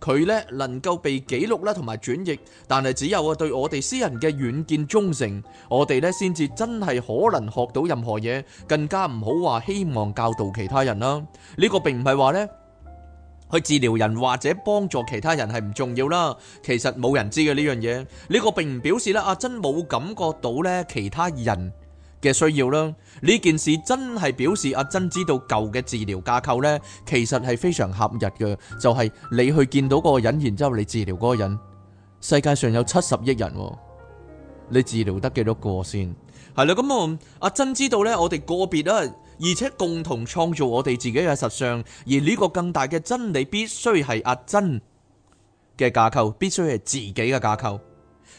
Speaker 1: 佢呢能夠被記錄啦，同埋轉譯，但係只有啊對我哋私人嘅遠見忠誠，我哋呢先至真係可能學到任何嘢，更加唔好話希望教導其他人啦。呢個並唔係話呢去治療人或者幫助其他人係唔重要啦。其實冇人知嘅呢樣嘢，呢個並唔表示呢，阿珍冇感覺到呢其他人。嘅需要啦，呢件事真係表示阿珍知道舊嘅治療架構咧，其實係非常狹日嘅，就係、是、你去見到嗰個人，然之後你治療嗰個人。世界上有七十億人，你治療得幾多個先？係啦，咁、嗯、啊，阿珍知道咧，我哋個別啊，而且共同創造我哋自己嘅實相，而呢個更大嘅真理必須係阿珍嘅架構，必須係自己嘅架構。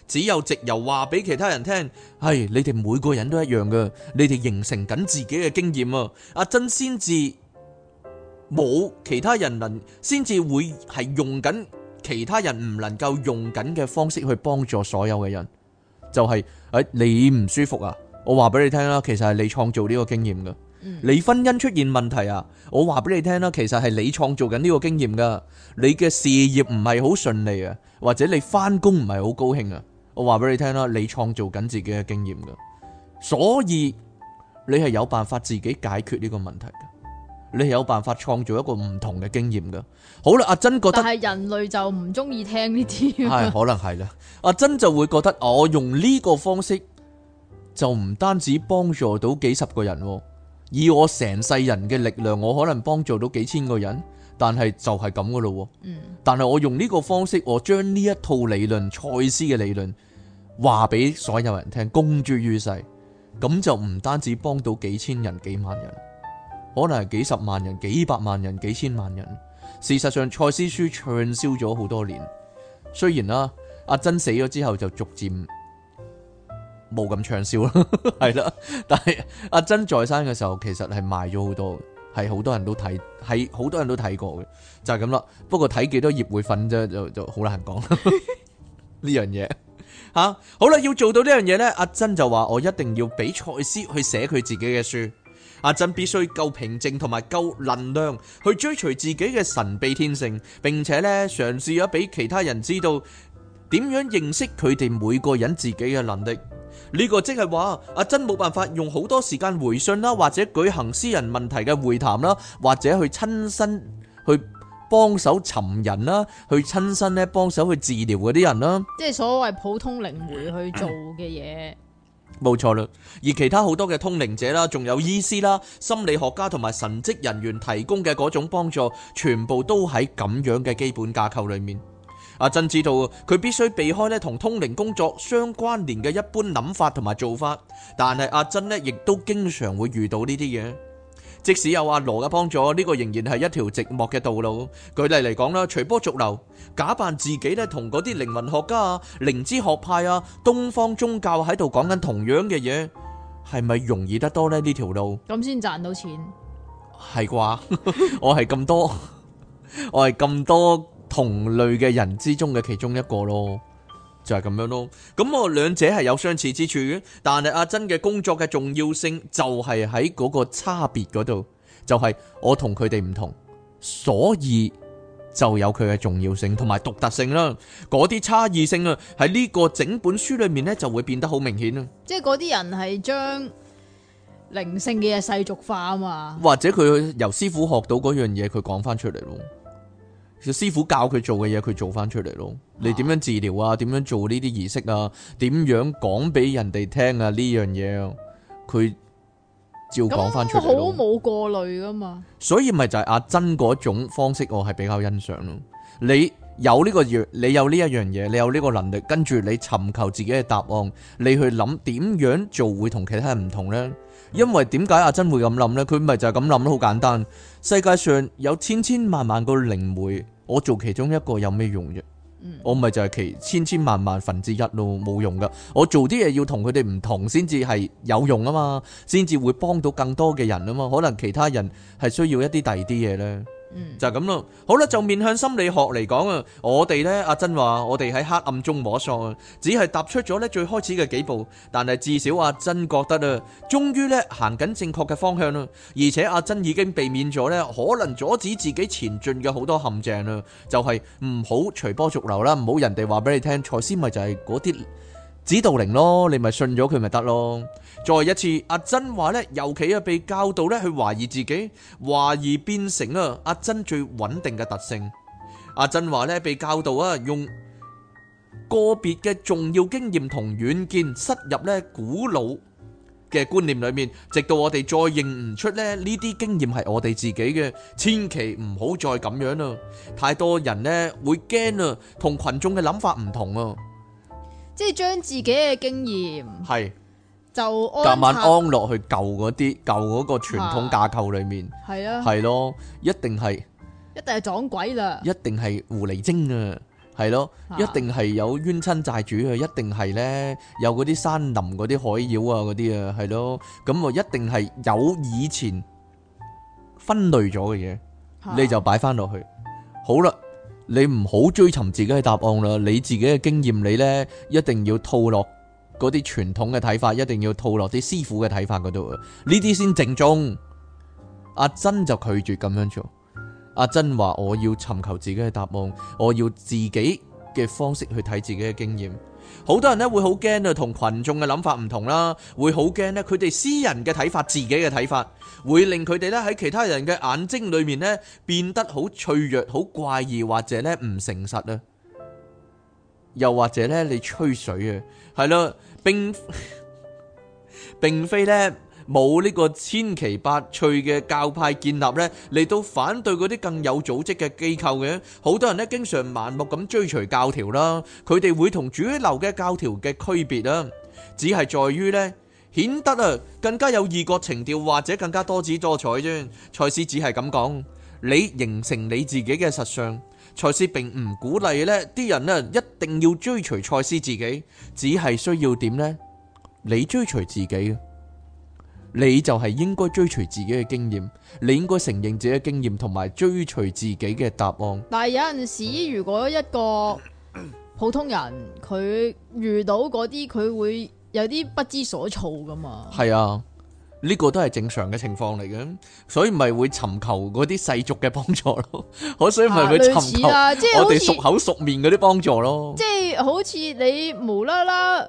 Speaker 1: 只有直由話俾其他人聽，係你哋每個人都一樣嘅，你哋形成緊自己嘅經驗啊！阿珍先至冇其他人能，先至會係用緊其他人唔能夠用緊嘅方式去幫助所有嘅人。就係誒，你唔舒服啊？我話俾你聽啦，其實係你創造呢個經驗噶。你婚姻出現問題啊？我話俾你聽啦，其實係你創造緊呢個經驗噶。你嘅事業唔係好順利啊，或者你返工唔係好高興啊？我話俾你聽啦，你創造緊自己嘅經驗噶，所以你係有辦法自己解決呢個問題嘅，你係有辦法創造一個唔同嘅經驗噶。好啦，阿珍覺得，但
Speaker 2: 係人類就唔中意聽呢啲，係、哎、
Speaker 1: 可能係啦。阿珍就會覺得我用呢個方式就唔單止幫助到幾十個人，以我成世人嘅力量，我可能幫助到幾千個人，但係就係咁噶咯。嗯，但係我用呢個方式，我將呢一套理論、賽斯嘅理論。話俾所有人聽，公諸於世，咁就唔單止幫到幾千人、幾萬人，可能係幾十萬人、幾百萬人、幾千萬人。事實上，賽斯書暢銷咗好多年。雖然啦，阿珍死咗之後就逐漸冇咁暢銷啦，係 啦。但係阿珍在生嘅時候，其實係賣咗好多，係好多人都睇，係好多人都睇過嘅，就係咁啦。不過睇幾多頁會瞓啫，就就好難講呢樣嘢。 吓、啊，好啦，要做到呢樣嘢呢，阿珍就話我一定要俾賽斯去寫佢自己嘅書。阿珍必須夠平靜同埋夠能量去追隨自己嘅神秘天性，並且呢，嘗試咗俾其他人知道點樣認識佢哋每個人自己嘅能力。呢、這個即係話阿珍冇辦法用好多時間回信啦，或者舉行私人問題嘅會談啦，或者去親身去。幫手尋人啦，去親身咧幫手去治療嗰啲人啦，
Speaker 2: 即係所謂普通靈媒去做嘅嘢，
Speaker 1: 冇錯啦。而其他好多嘅通靈者啦，仲有醫師啦、心理學家同埋神職人員提供嘅嗰種幫助，全部都喺咁樣嘅基本架構裏面。阿珍知道佢必須避開咧同通靈工作相關聯嘅一般諗法同埋做法，但係阿珍呢，亦都經常會遇到呢啲嘢。即使有阿羅嘅幫助，呢個仍然係一條寂寞嘅道路。舉例嚟講啦，隨波逐流，假扮自己咧同嗰啲靈魂學家啊、靈知學派啊、東方宗教喺度講緊同樣嘅嘢，係咪容易得多呢？呢條路
Speaker 2: 咁先賺到錢，
Speaker 1: 係啩？我係咁多，我係咁多同類嘅人之中嘅其中一個咯。就係咁樣咯，咁我兩者係有相似之處，但係阿珍嘅工作嘅重要性就係喺嗰個差別嗰度，就係我同佢哋唔同，所以就有佢嘅重要性同埋獨特性啦。嗰啲差異性啊，喺呢個整本書裏面呢就會變得好明顯啊，
Speaker 2: 即係嗰啲人係將靈性嘅嘢世俗化啊嘛，
Speaker 1: 或者佢由師傅學到嗰樣嘢，佢講翻出嚟咯。師傅教佢做嘅嘢，佢做翻出嚟咯。你點樣治療啊？點樣做呢啲儀式啊？點樣講俾人哋聽啊？呢樣嘢佢照講翻出嚟。咁好
Speaker 2: 冇過濾㗎嘛？
Speaker 1: 所以咪就係阿珍嗰種方式，我係比較欣賞咯。你有呢、這個樣，你有呢一樣嘢，你有呢個能力，跟住你尋求自己嘅答案，你去諗點樣做會同其他人唔同呢？因為點解阿珍會咁諗呢？佢咪就係咁諗都好簡單。世界上有千千萬萬個靈媒，我做其中一個有咩用啫？我咪就係其千千萬萬分之一咯，冇用噶。我做啲嘢，要同佢哋唔同，先至係有用啊嘛，先至會幫到更多嘅人啊嘛。可能其他人係需要一啲第二啲嘢呢。就咁咯，好啦，就面向心理學嚟講啊，我哋呢，阿珍話我哋喺黑暗中摸索啊，只係踏出咗呢最開始嘅幾步，但係至少阿珍覺得啊，終於呢行緊正確嘅方向啦，而且阿珍已經避免咗呢可能阻止自己前進嘅好多陷阱啦，就係唔好隨波逐流啦，唔好人哋話俾你聽，賽斯咪就係嗰啲。指導靈咯，你咪信咗佢咪得咯。再一次，阿珍話咧，尤其啊被教導咧去懷疑自己，懷疑變成啊阿珍最穩定嘅特性。阿珍話咧，被教導啊用個別嘅重要經驗同軟件塞入咧古老嘅觀念裏面，直到我哋再認唔出咧呢啲經驗係我哋自己嘅，千祈唔好再咁樣啦。太多人咧會驚啊，同群眾嘅諗法唔同啊。
Speaker 2: 即係將自己嘅經驗，係就夾硬安落
Speaker 1: 去舊嗰啲舊嗰個傳統架構裏面，係咯，係咯，一定係，
Speaker 2: 一定係撞鬼啦，
Speaker 1: 一定係狐狸精啊，係咯，一定係有冤親債主啊，一定係咧有嗰啲山林嗰啲海妖啊嗰啲啊，係咯，咁咪一定係有以前分類咗嘅嘢，你就擺翻落去，好啦。你唔好追尋自己嘅答案啦，你自己嘅經驗你呢一定要套落嗰啲傳統嘅睇法，一定要套落啲師傅嘅睇法嗰度啊，呢啲先正宗。阿珍就拒絕咁樣做，阿珍話我要尋求自己嘅答案，我要自己嘅方式去睇自己嘅經驗。好多人咧會好驚啊同群眾嘅諗法唔同啦，會好驚咧佢哋私人嘅睇法，自己嘅睇法會令佢哋咧喺其他人嘅眼睛裏面咧變得好脆弱、好怪異或者咧唔誠實啊，又或者咧你吹水啊，係咯，並 並非咧。冇呢個千奇百趣嘅教派建立呢嚟到反對嗰啲更有組織嘅機構嘅，好多人呢經常盲目咁追隨教條啦。佢哋會同主流嘅教條嘅區別啊，只係在於呢顯得啊更加有異國情調或者更加多姿多彩啫。賽斯只係咁講，你形成你自己嘅實相。賽斯並唔鼓勵呢啲人呢一定要追隨賽斯自己，只係需要點呢？你追隨自己。你就係應該追隨自己嘅經驗，你應該承認自己嘅經驗同埋追隨自己嘅答案。
Speaker 2: 但係有陣時，如果一個普通人佢遇到嗰啲，佢會有啲不知所措㗎嘛？係
Speaker 1: 啊，呢個都係正常嘅情況嚟嘅，所以咪會尋求嗰啲世俗嘅幫助咯。可 所以咪佢尋求我哋熟口熟面嗰啲幫助咯。
Speaker 2: 即係好似你無啦啦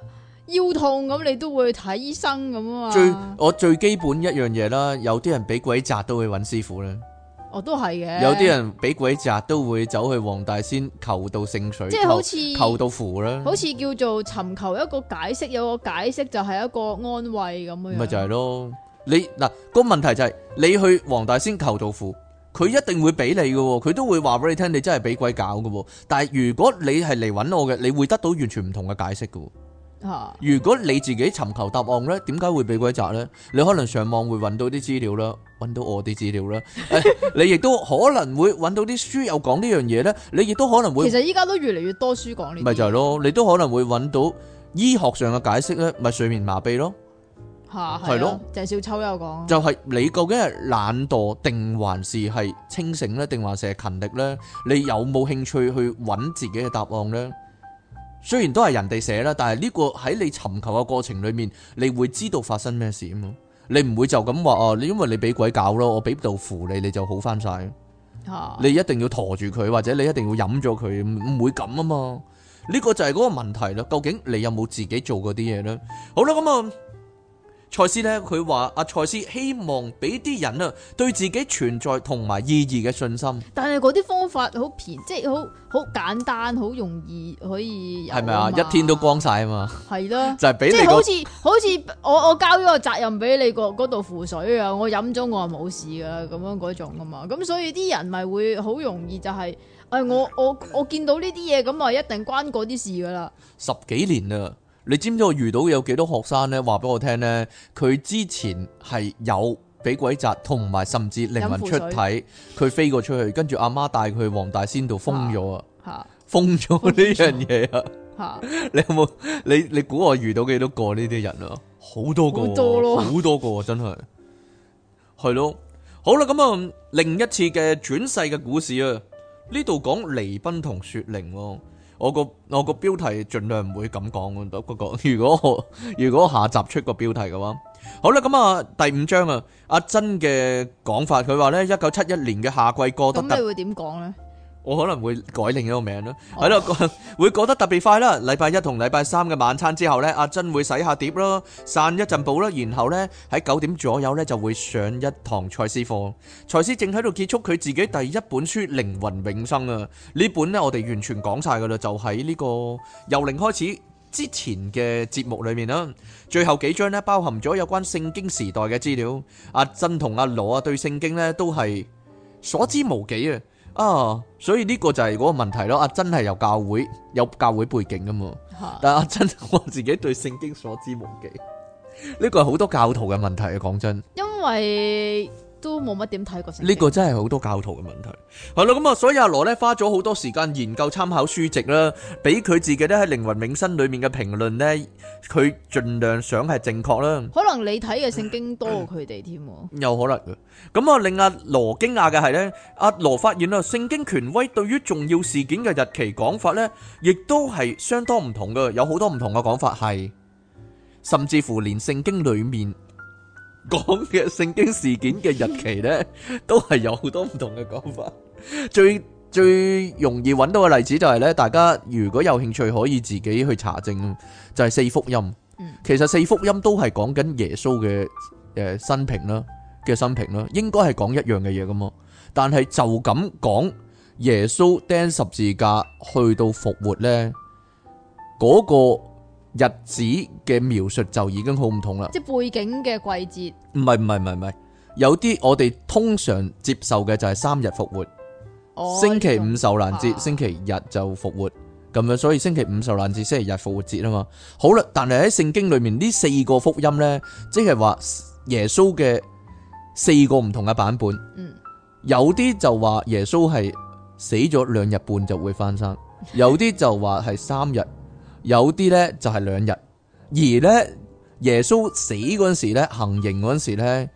Speaker 2: 腰痛咁，你都會睇醫生咁啊？最
Speaker 1: 我最基本一樣嘢啦，有啲人俾鬼砸都會揾師傅咧。
Speaker 2: 哦，都係嘅。有啲人
Speaker 1: 俾鬼砸都會走去黃大仙求到聖水，即係好似求到符啦。好似
Speaker 2: 叫做尋求一個解釋，有個解釋就係一個安慰咁樣。咪
Speaker 1: 就係咯，你嗱個問題就係、是、你去黃大仙求到符，佢一定會俾你噶，佢都會話俾你聽，你真係俾鬼搞噶。但係如果你係嚟揾我嘅，你會得到完全唔同嘅解釋噶。如果你自己尋求答案咧，點解會俾鬼責咧？你可能上網會揾到啲資料啦，揾到我啲資料啦、 哎。你亦都可能會揾到啲書又講呢樣嘢咧，你亦都可能會。其實
Speaker 2: 依家都越嚟越多書講呢。咪
Speaker 1: 就係咯，你都可能會揾到醫學上嘅解釋咧，咪、就是、睡眠麻痹咯。
Speaker 2: 吓係咯。鄭少秋有講。就
Speaker 1: 係你究竟係懶惰定還是係清醒咧？定還是係勤力咧？你有冇興趣去揾自己嘅答案咧？雖然都係人哋寫啦，但係呢個喺你尋求嘅過程裏面，你會知道發生咩事啊嘛？你唔會就咁話哦，你、啊、因為你俾鬼搞咯，我俾道符你，你就好翻晒。
Speaker 2: 啊、
Speaker 1: 你一定要馱住佢，或者你一定要飲咗佢，唔會咁啊嘛？呢、這個就係嗰個問題啦。究竟你有冇自己做過啲嘢咧？好啦，咁啊。賽斯咧，佢話阿賽斯希望俾啲人啊，對自己存在同埋意義嘅信心。
Speaker 2: 但係嗰啲方法好便，即係好好簡單，好容易可以。係咪啊？一天都
Speaker 1: 光晒啊嘛。
Speaker 2: 係啦、啊， 就係俾、那個、即係好似好似我我交咗個責任俾你個度符水啊，我飲咗我話冇事噶啦，咁樣嗰種啊嘛。咁所以啲人咪會好容易就係、是，誒、哎、我我我見到呢啲嘢，咁啊，一定關嗰啲事噶啦。
Speaker 1: 十幾年啦。你知唔知我遇到有幾多學生咧？話俾我聽咧，佢之前係有俾鬼砸，同埋甚至靈魂出體，佢飛過出去，跟住阿媽帶佢去黃大仙度封咗啊！吓，封咗呢樣嘢啊！吓，你有冇？你你估我遇到幾多個呢啲人啊？好多個、啊，多好多咯，好多個，真係係咯。好啦，咁啊，另一次嘅轉世嘅故事啊，呢度講黎賓同雪玲。我個我個標題盡量唔會咁講，都嗰個如果我如果下集出個標題嘅話。好啦，咁啊，第五章啊，阿珍嘅講法，佢話咧一九七一年嘅夏季歌得得。咁你
Speaker 2: 會點講咧？
Speaker 1: 我可能會改另一個名咯，係咯，會過得特別快啦。禮拜一同禮拜三嘅晚餐之後咧，阿珍會洗下碟咯，散一陣步咯，然後咧喺九點左右咧就會上一堂賽斯課。賽斯正喺度結束佢自己第一本書《靈魂永生》啊，呢本咧我哋完全講曬噶啦，就喺呢個由零開始之前嘅節目裏面啦。最後幾章咧包含咗有關聖經時代嘅資料。阿珍同阿羅啊，對聖經咧都係所知無幾啊。啊，所以呢個就係嗰個問題咯。阿、啊、珍係有教會有教會背景噶嘛，啊、但阿、啊、珍我自己對聖經所知無幾，呢個係好多教徒嘅問題啊！講真。
Speaker 2: 因為。都冇乜點睇過，呢個真
Speaker 1: 係好多教徒嘅問題，係咯咁啊，所以阿羅呢花咗好多時間研究參考書籍啦，俾佢自己呢喺靈魂永生裏面嘅評論呢，佢盡量想係正確啦。
Speaker 2: 可能你睇嘅聖經多過佢哋添，
Speaker 1: 有可能嘅。咁啊令阿羅驚訝嘅係呢，阿羅發現啊，聖經權威對於重要事件嘅日期講法呢，亦都係相當唔同嘅，有好多唔同嘅講法係，甚至乎連聖經裏面，講嘅聖經事件嘅日期呢，都係有好多唔同嘅講法。 最最容易揾到嘅例子就係呢：大家如果有興趣可以自己去查證，就係、是、四福音。其實四福音都係講緊耶穌嘅誒生平啦，嘅生平啦，應該係講一樣嘅嘢㗎嘛。但係就咁講耶穌釘十字架去到復活呢，嗰、嗰個。日子嘅描述，就已經好唔同啦，即
Speaker 2: 係背景嘅季節，
Speaker 1: 唔係唔係唔係唔係，有啲我哋通常接受嘅就係三日復活，
Speaker 2: 哦、星期
Speaker 1: 五受難節，啊、星期日就復活，咁樣，所以星期五受難節，星期日復活節啊嘛，好啦，但係喺聖經裏面呢四個福音呢，即係話耶穌嘅四個唔同嘅版本，嗯、有啲就話耶穌係死咗兩日半就會翻生，有啲就話係三日。 有啲咧就係兩日，而咧耶穌死嗰陣時咧，行刑嗰陣時咧，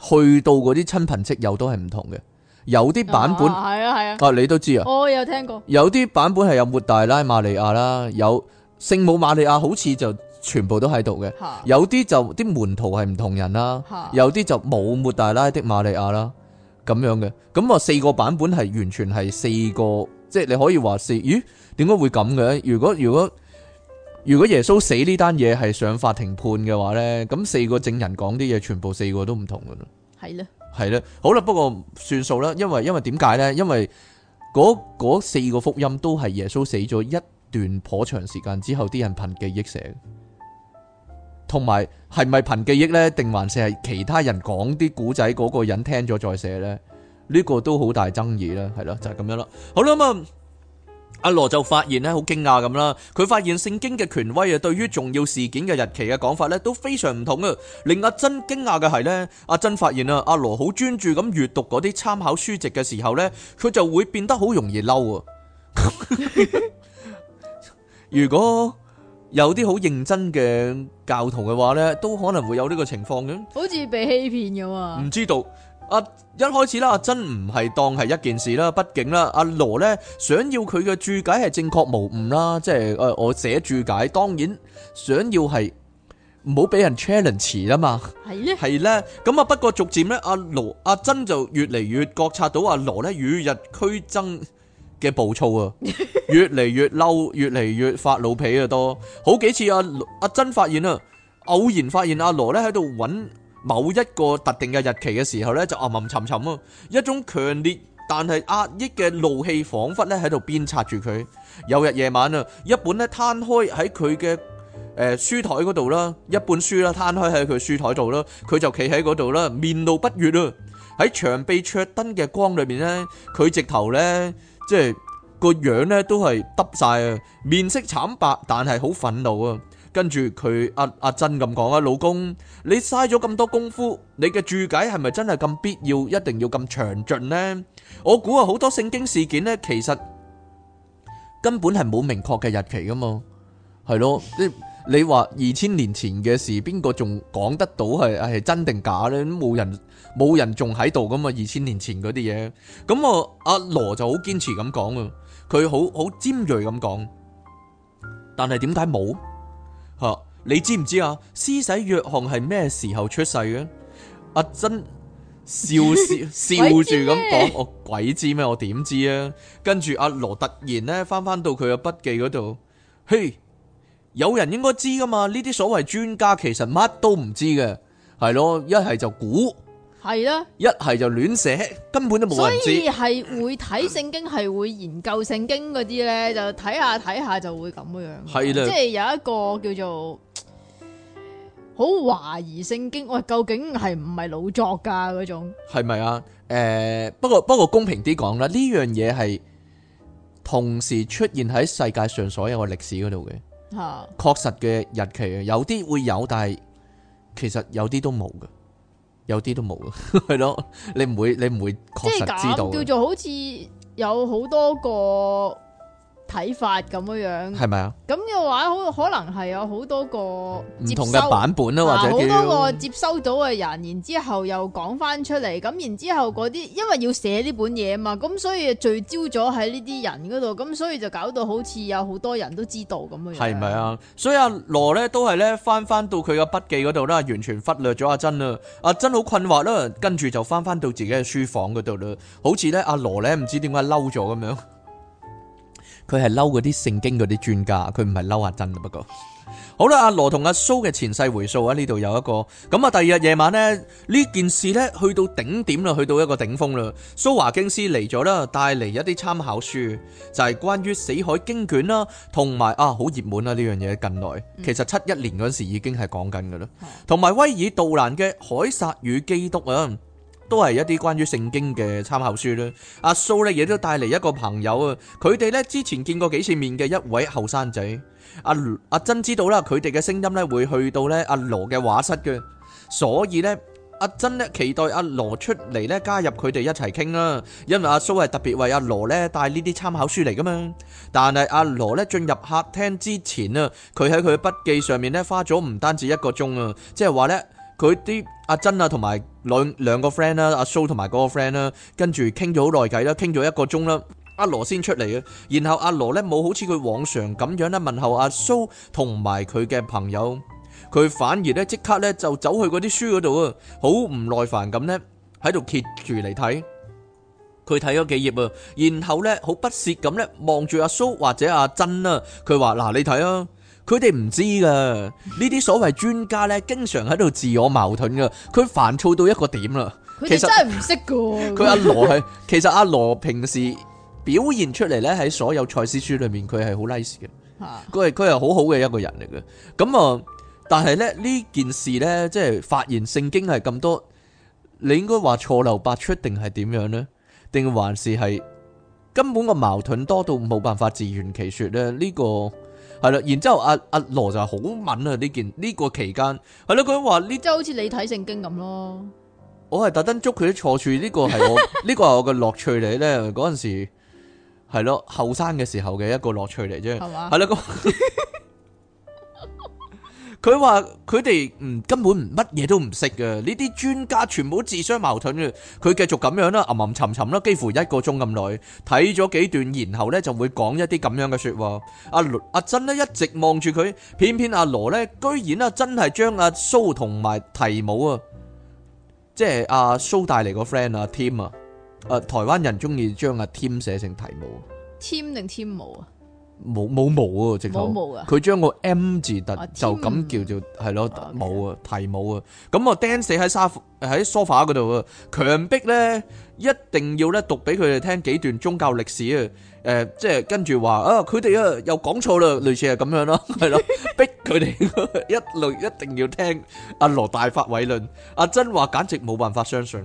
Speaker 1: 去到嗰啲親朋戚友都係唔同嘅，有啲版本係啊係啊，啊，啊，啊你都知啊，我有聽過，有啲版本係有抹大拉瑪利亞啦，有聖母瑪利亞，好似就全部都喺度嘅。啊、有啲就啲門徒係唔同人啦，啊、有啲就冇抹大拉的瑪利亞啦，咁樣嘅，咁啊四個版本係完全係四個，即係你可以話四咦，點解會咁嘅？如果如果。如果如果耶穌死呢單嘢，係上法庭判嘅話呢，咁四個證人講啲嘢，全部四個都唔同噶咯，
Speaker 2: 係咧的，
Speaker 1: 係咧，好啦，不過算數啦，因為因為點解呢？因為嗰四個福音都係耶穌死咗一段頗長時間之後，啲人憑記憶寫，同埋係咪憑記憶呢？定還是係其他人講啲古仔嗰個人聽咗再寫呢？呢、呢個都好大爭議啦，係咯，就係、是、咁樣啦，好啦咁阿羅就發現咧，好驚訝咁啦。佢發現聖經嘅權威啊，對於重要事件嘅日期嘅講法咧，都非常唔同啊。令阿珍驚訝嘅係咧，阿珍發現啊，阿羅好專注咁閱讀嗰啲參考書籍嘅時候咧，佢就會變得好容易嬲啊。 如果有啲好認真嘅教徒嘅話咧，都可能會有呢個情況嘅。
Speaker 2: 好似被欺騙咗啊！唔
Speaker 1: 知道。阿一開始啦，阿珍唔係當係一件事啦，畢竟啦，阿羅咧想要佢嘅注解係正確無誤啦，即係誒我寫注解，當然想要係唔好俾人 challenge 啦嘛，係咧呢，係咧，咁啊不過逐漸咧，阿羅阿珍就越嚟越覺察到阿羅咧與日俱增嘅暴躁啊， 越嚟越嬲，越嚟越發老脾啊多，好幾次阿阿珍發現啊，偶然發現阿羅咧喺度揾某一個特定嘅日期嘅時候咧，就暗暗沉沉啊，一種強烈但係壓抑嘅怒氣，彷彿咧喺度鞭策住佢。有日夜晚啊，一本咧攤開喺佢嘅誒書枱嗰度啦，一本書啦攤開喺佢書枱度啦，佢就企喺嗰度啦，面露不悅啊。喺長臂桌燈嘅光裏面咧，佢直頭咧，即係個樣咧都係耷曬啊，面色慘白，但係好憤怒啊。跟住佢阿阿珍咁講啊，老公，你嘥咗咁多功夫，你嘅注解係咪真係咁必要，一定要咁詳盡呢？我估啊，好多聖經事件呢，其實根本係冇明確嘅日期噶嘛，係咯？你你話二千年前嘅事，邊個仲講得到係係真定假呢？都冇人冇人仲喺度噶嘛？二千年前嗰啲嘢，咁我阿羅就好堅持咁講啊，佢好好尖銳咁講，但係點解冇？吓、啊，你知唔知啊？施洗約翰係咩時候出世嘅？阿、啊、珍笑笑笑住咁講，我鬼知咩？我點知啊？跟住阿羅突然咧翻翻到佢嘅筆記嗰度，嘿，有人應該知噶嘛？呢啲所謂專家其實乜都唔知嘅，係咯，一係就估。係啦，一係就亂寫，根本都冇人知。所以
Speaker 2: 係會睇聖經，係會研究聖經嗰啲咧，就睇下睇下就會咁樣。係啦，即係有一個叫做好懷疑聖經，喂，究竟係唔係老作噶嗰種？
Speaker 1: 係咪啊？誒，不過不過公平啲講啦，呢樣嘢係同時出現喺世界上所有嘅歷史嗰度嘅，確實嘅日期，有啲會有，但係其實有啲都冇嘅。有啲都冇啊，係 咯，你唔會，你唔會確實知道，叫做
Speaker 2: 好似有好多個。睇法咁樣樣，係咪啊？咁嘅話，好可能係有好多個唔同嘅版本啦，或者好多個接收到嘅、啊、人，然之後又講翻出嚟，咁然之後嗰啲，因為要寫呢本嘢嘛，咁所以聚焦咗喺呢啲人嗰度，咁所以就搞到好似有好多人都知道咁樣，
Speaker 1: 係咪啊？所以阿羅咧都係咧翻翻到佢嘅筆記嗰度啦，完全忽略咗阿珍啦，阿珍好困惑啦，跟住就翻翻到自己嘅書房嗰度啦，好似咧阿羅咧唔知點解嬲咗咁樣。佢係嬲嗰啲聖經嗰啲專家，佢唔係嬲阿珍。不過好啦，阿、啊、羅同阿、啊、蘇嘅前世回溯啊，呢度有一個。咁啊，第二日夜晚呢，呢件事呢，去到頂點啦，去到一個頂峰啦。蘇華經師嚟咗啦，帶嚟一啲參考書，就係、是、關於死海經卷啦，同埋啊好熱門啦呢樣嘢。近來其實七一年嗰陣時已經係講緊嘅啦，同埋威爾杜蘭嘅《凱撒與基督》啊。都係一啲關於聖經嘅參考書啦，阿蘇咧亦都帶嚟一個朋友啊，佢哋咧之前見過幾次面嘅一位後生仔，阿阿珍知道啦，佢哋嘅聲音咧會去到咧阿羅嘅畫室嘅，所以咧阿珍咧期待阿羅出嚟咧加入佢哋一齊傾啦，因為阿蘇係特別為阿羅咧帶呢啲參考書嚟噶嘛，但係阿羅咧進入客廳之前啊，佢喺佢筆記上面咧花咗唔單止一個鐘啊，即係話咧。佢啲阿珍啊，同埋兩兩個 friend 啦，阿蘇同埋嗰個 friend 啦，跟住傾咗好耐偈啦，傾咗一個鐘啦，阿羅先出嚟嘅。然後阿羅呢冇好似佢往常咁樣呢問候阿蘇同埋佢嘅朋友，佢反而呢即刻呢就走去嗰啲書嗰度啊，好唔耐煩咁呢喺度揭住嚟睇，佢睇咗幾頁啊，然後呢好不屑咁呢望住阿蘇或者阿珍啊，佢話嗱你睇啊。佢哋唔知噶，呢啲所謂專家咧，經常喺度自我矛盾噶。佢煩躁到一個點啦。佢其實真係
Speaker 2: 唔識噶。佢阿羅係
Speaker 1: 其實阿、 啊羅，啊、羅平時表現出嚟咧，喺所有賽斯書裏面，佢係好 nice 嘅。佢係佢係好好嘅一個人嚟嘅。咁啊，但係咧呢件事咧，即係發現聖經係咁多，你應該話錯漏百出定係點樣咧？定還是係根本個矛盾多到冇辦法自圓其説咧？呢、這個係啦，然之後阿阿羅就係好敏啊呢件呢、呢個期間，係咯佢話、呢個、 呢，即
Speaker 2: 係好似你睇聖經咁咯。
Speaker 1: 我係特登捉佢啲錯處，呢個係我呢個係我嘅樂趣嚟咧。嗰陣時係咯後生嘅時候嘅一個樂趣嚟啫，係啦咁。 吧 佢話佢哋唔根本唔乜嘢都唔識嘅，呢啲專家全部自相矛盾嘅。佢繼續咁樣啦，吟吟沉沉啦，幾乎一個鐘咁耐睇咗幾段，然後咧就會講一啲咁樣嘅說話。阿阿珍呢一直望住佢，偏偏阿羅呢居然咧、啊、真係將阿蘇同埋提姆啊，即係阿蘇帶嚟個 friend 阿 Tim 啊，誒、啊，台灣人中意將阿 Tim 寫成提姆
Speaker 2: ，Tim 定 Tim 姆啊？
Speaker 1: 冇冇毛啊！直頭，佢將個 M 字突就咁叫做係咯，冇啊，提冇啊！咁我釘死喺沙喺 sofa 嗰度啊，強迫咧一定要咧讀俾佢哋聽幾段宗教歷史啊！誒，即係跟住話啊，佢哋啊又講錯啦，類似係咁樣咯，係咯，逼佢哋一路一定要聽阿羅大發偉論，阿珍話簡直冇辦法相信。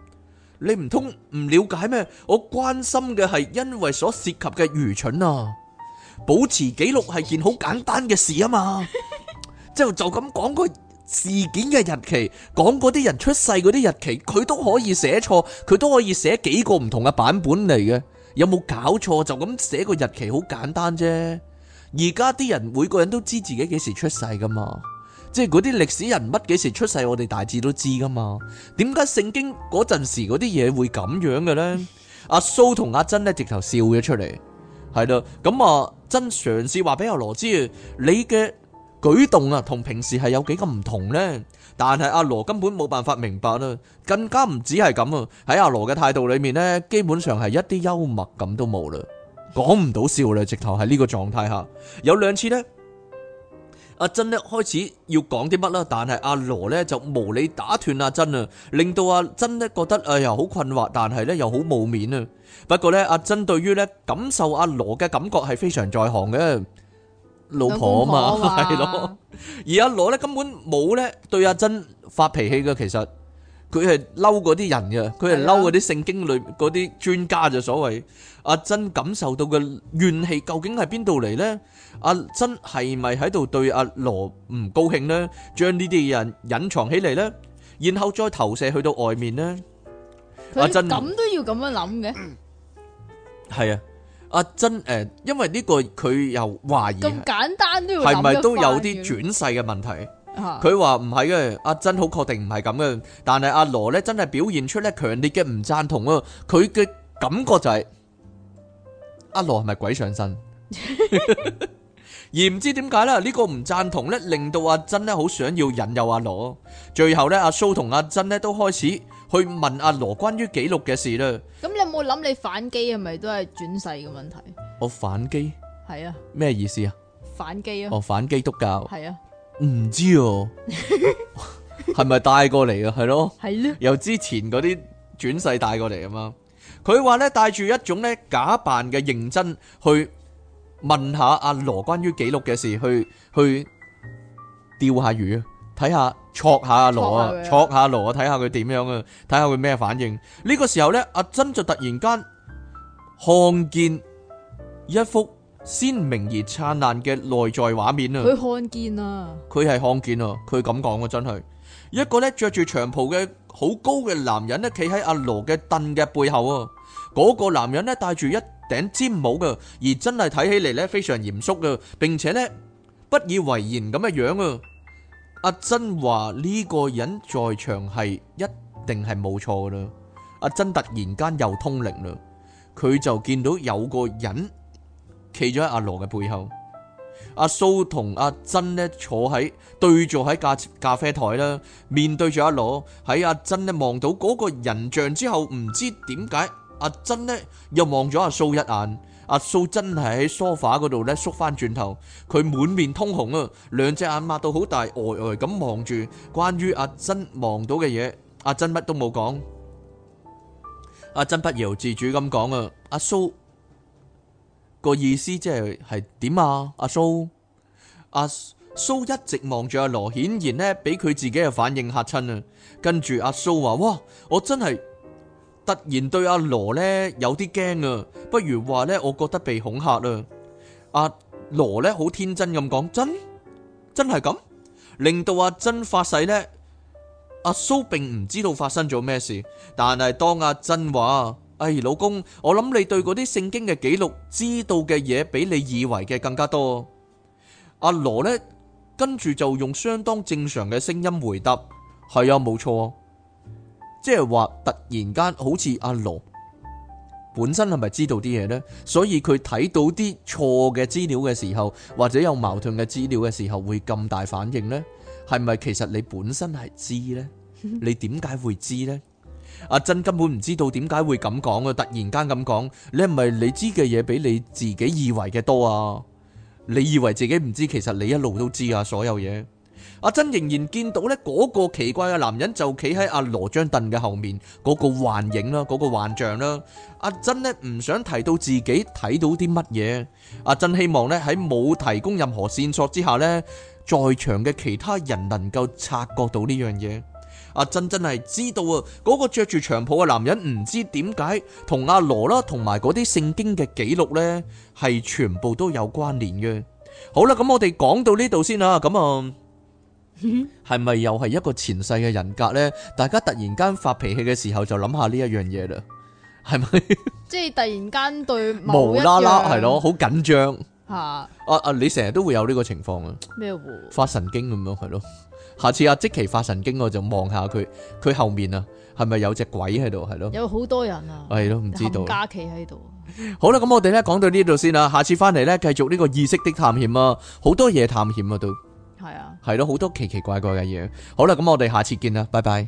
Speaker 1: 你唔通唔了解咩？我關心嘅係因為所涉及嘅愚蠢啊！保持記錄係件好簡單嘅事啊嘛， 就就咁講個事件嘅日期，講嗰啲人出世嗰啲日期，佢都可以寫錯，佢都可以寫幾個唔同嘅版本嚟嘅，有冇搞錯？就咁寫個日期好簡單啫，而家啲人每個人都知自己幾時出世㗎嘛。即係嗰啲歷史人物幾時出世，我哋大致都知噶嘛？點解聖經嗰陣時嗰啲嘢會咁樣嘅呢？嗯、阿蘇同阿珍呢，直頭笑咗出嚟，係咯。咁啊，真嘗試話俾阿羅知，你嘅舉動啊，同平時係有幾咁唔同呢？但係阿羅根本冇辦法明白啦，啊，更加唔止係咁啊。喺阿羅嘅態度裏面呢，基本上係一啲幽默感都冇啦，講唔到笑啦，直頭係呢個狀態下，有兩次呢。阿珍呢開始要講啲乜啦，但係阿羅呢就無理打斷阿珍啊，令到阿珍呢覺得誒又好困惑，但係呢又好冇面啊。不過呢，阿珍對於呢感受阿羅嘅感覺係非常在行嘅老婆啊嘛，係咯。 而阿羅呢根本冇呢對阿珍發脾氣嘅，其實。佢係嬲嗰啲人嘅，佢係嬲嗰啲聖經裏嗰啲專家，就所謂阿珍感受到嘅怨氣究竟係邊度嚟呢？阿珍係咪喺度對阿羅唔高興呢？將呢啲人隱藏起嚟呢，然後再投射去到外面呢？阿珍咁
Speaker 2: 都要咁樣諗嘅？
Speaker 1: 係啊，阿珍誒，因為呢個佢又懷疑，咁
Speaker 2: 簡單都要諗得返，係咪都有啲轉
Speaker 1: 世嘅問題？佢話唔係嘅，阿珍好確定唔係咁嘅，但係阿羅咧真係表現出咧強烈嘅唔讚同啊！佢嘅感覺就係、是、阿羅係咪鬼上身？ 而唔知點解啦？呢、這個唔讚同咧，令到阿珍咧好想要引誘阿羅。最後咧，阿蘇同阿珍咧都開始去問阿羅關於記錄嘅事啦。
Speaker 2: 咁你有冇諗你反基係咪都係轉世嘅問題？
Speaker 1: 我、哦、反基係啊？咩意思啊？
Speaker 2: 反基啊！哦，
Speaker 1: 反基督教係啊？唔知哦，係咪帶過嚟啊係咯？係咯？由之前嗰啲轉世帶過嚟啊嘛。佢話咧帶住一種咧假扮嘅認真去問下阿羅關於記錄嘅事，去去釣下魚，睇下戳下阿羅啊，戳下羅啊，睇下佢點樣啊，睇下佢咩反應。呢個時候咧，阿珍就突然間看見一幅。鮮明而燦爛嘅內在畫面啊，佢
Speaker 2: 看見啊，
Speaker 1: 佢係看見啊，佢咁講啊，真係一個呢着住長袍嘅好高嘅男人呢，企喺阿羅嘅凳嘅背後啊，嗰個男人呢戴住一頂尖帽嘅，而真係睇起嚟呢非常嚴肅嘅，並且呢不以為然咁嘅樣啊，阿珍話呢個人在場係一定係冇錯啦，阿珍突然間又通靈啦，佢就見到有個人。企咗喺阿羅嘅背後，阿蘇同阿珍呢坐喺對坐喺咖咖啡台啦，面對住阿羅。喺阿珍呢望到嗰個人像之後，唔知點解阿珍呢又望咗阿蘇一眼。阿蘇真係喺梳化嗰度呢，縮翻轉頭，佢滿面通紅啊，兩隻眼擘到好大，呆呆咁望住關於阿珍望到嘅嘢。阿珍乜都冇講，阿珍不由自主咁講啊，阿蘇。個意思即係係點啊？阿蘇，阿蘇一直望住阿羅，顯然呢俾佢自己嘅反應吓親啊！跟住阿蘇話：哇，我真係突然對阿羅呢有啲驚啊！不如話呢，我覺得被恐嚇啦！阿羅呢好天真咁講：真真係咁，令到阿真發誓呢？阿蘇並唔知道發生咗咩事，但係當阿真話。哎，老公，我諗你對嗰啲聖經嘅記錄知道嘅嘢，比你以為嘅更加多。阿羅呢，跟住就用相當正常嘅聲音回答：係啊，冇錯。即係話突然間，好似阿羅本身係咪知道啲嘢呢？所以佢睇到啲錯嘅資料嘅時候，或者有矛盾嘅資料嘅時候，會咁大反應呢？係咪其實你本身係知呢？你點解會知呢？阿珍根本唔知道點解會咁講啊！突然間咁講，你係咪你知嘅嘢比你自己以為嘅多啊？你以為自己唔知，其實你一路都知啊！所有嘢，阿珍仍然見到呢嗰個奇怪嘅男人就企喺阿羅張凳嘅後面嗰個幻影啦，嗰個幻象啦。阿珍呢唔想提到自己睇到啲乜嘢。阿珍希望呢喺冇提供任何線索之下呢，在場嘅其他人能夠察覺到呢樣嘢。阿珍真係知道啊，嗰個着住長袍嘅男人唔知點解同阿羅啦，同埋嗰啲聖經嘅記錄呢係全部都有關聯嘅。好啦，咁我哋講到呢度先啦。咁啊，係咪又係一個前世嘅人格呢？大家突然間發脾氣嘅時候就是，就諗下呢一樣嘢啦，係咪？
Speaker 2: 即係突然間對無啦啦係咯，好
Speaker 1: 緊張吓。阿阿你成日都會有呢個情況啊？咩胡、啊、發神經咁樣係咯？下次阿、啊、積奇發神經我就望下佢，佢後面啊係咪有隻鬼喺度？係咯，有好多人啊，係咯唔知道假期喺度。好啦，咁我哋咧講到呢度先啦，下次翻嚟咧繼續呢個意識的探險啊，好多嘢探險啊都係啊，係咯好多奇奇怪怪嘅嘢。好啦，咁我哋下次見啦，拜拜。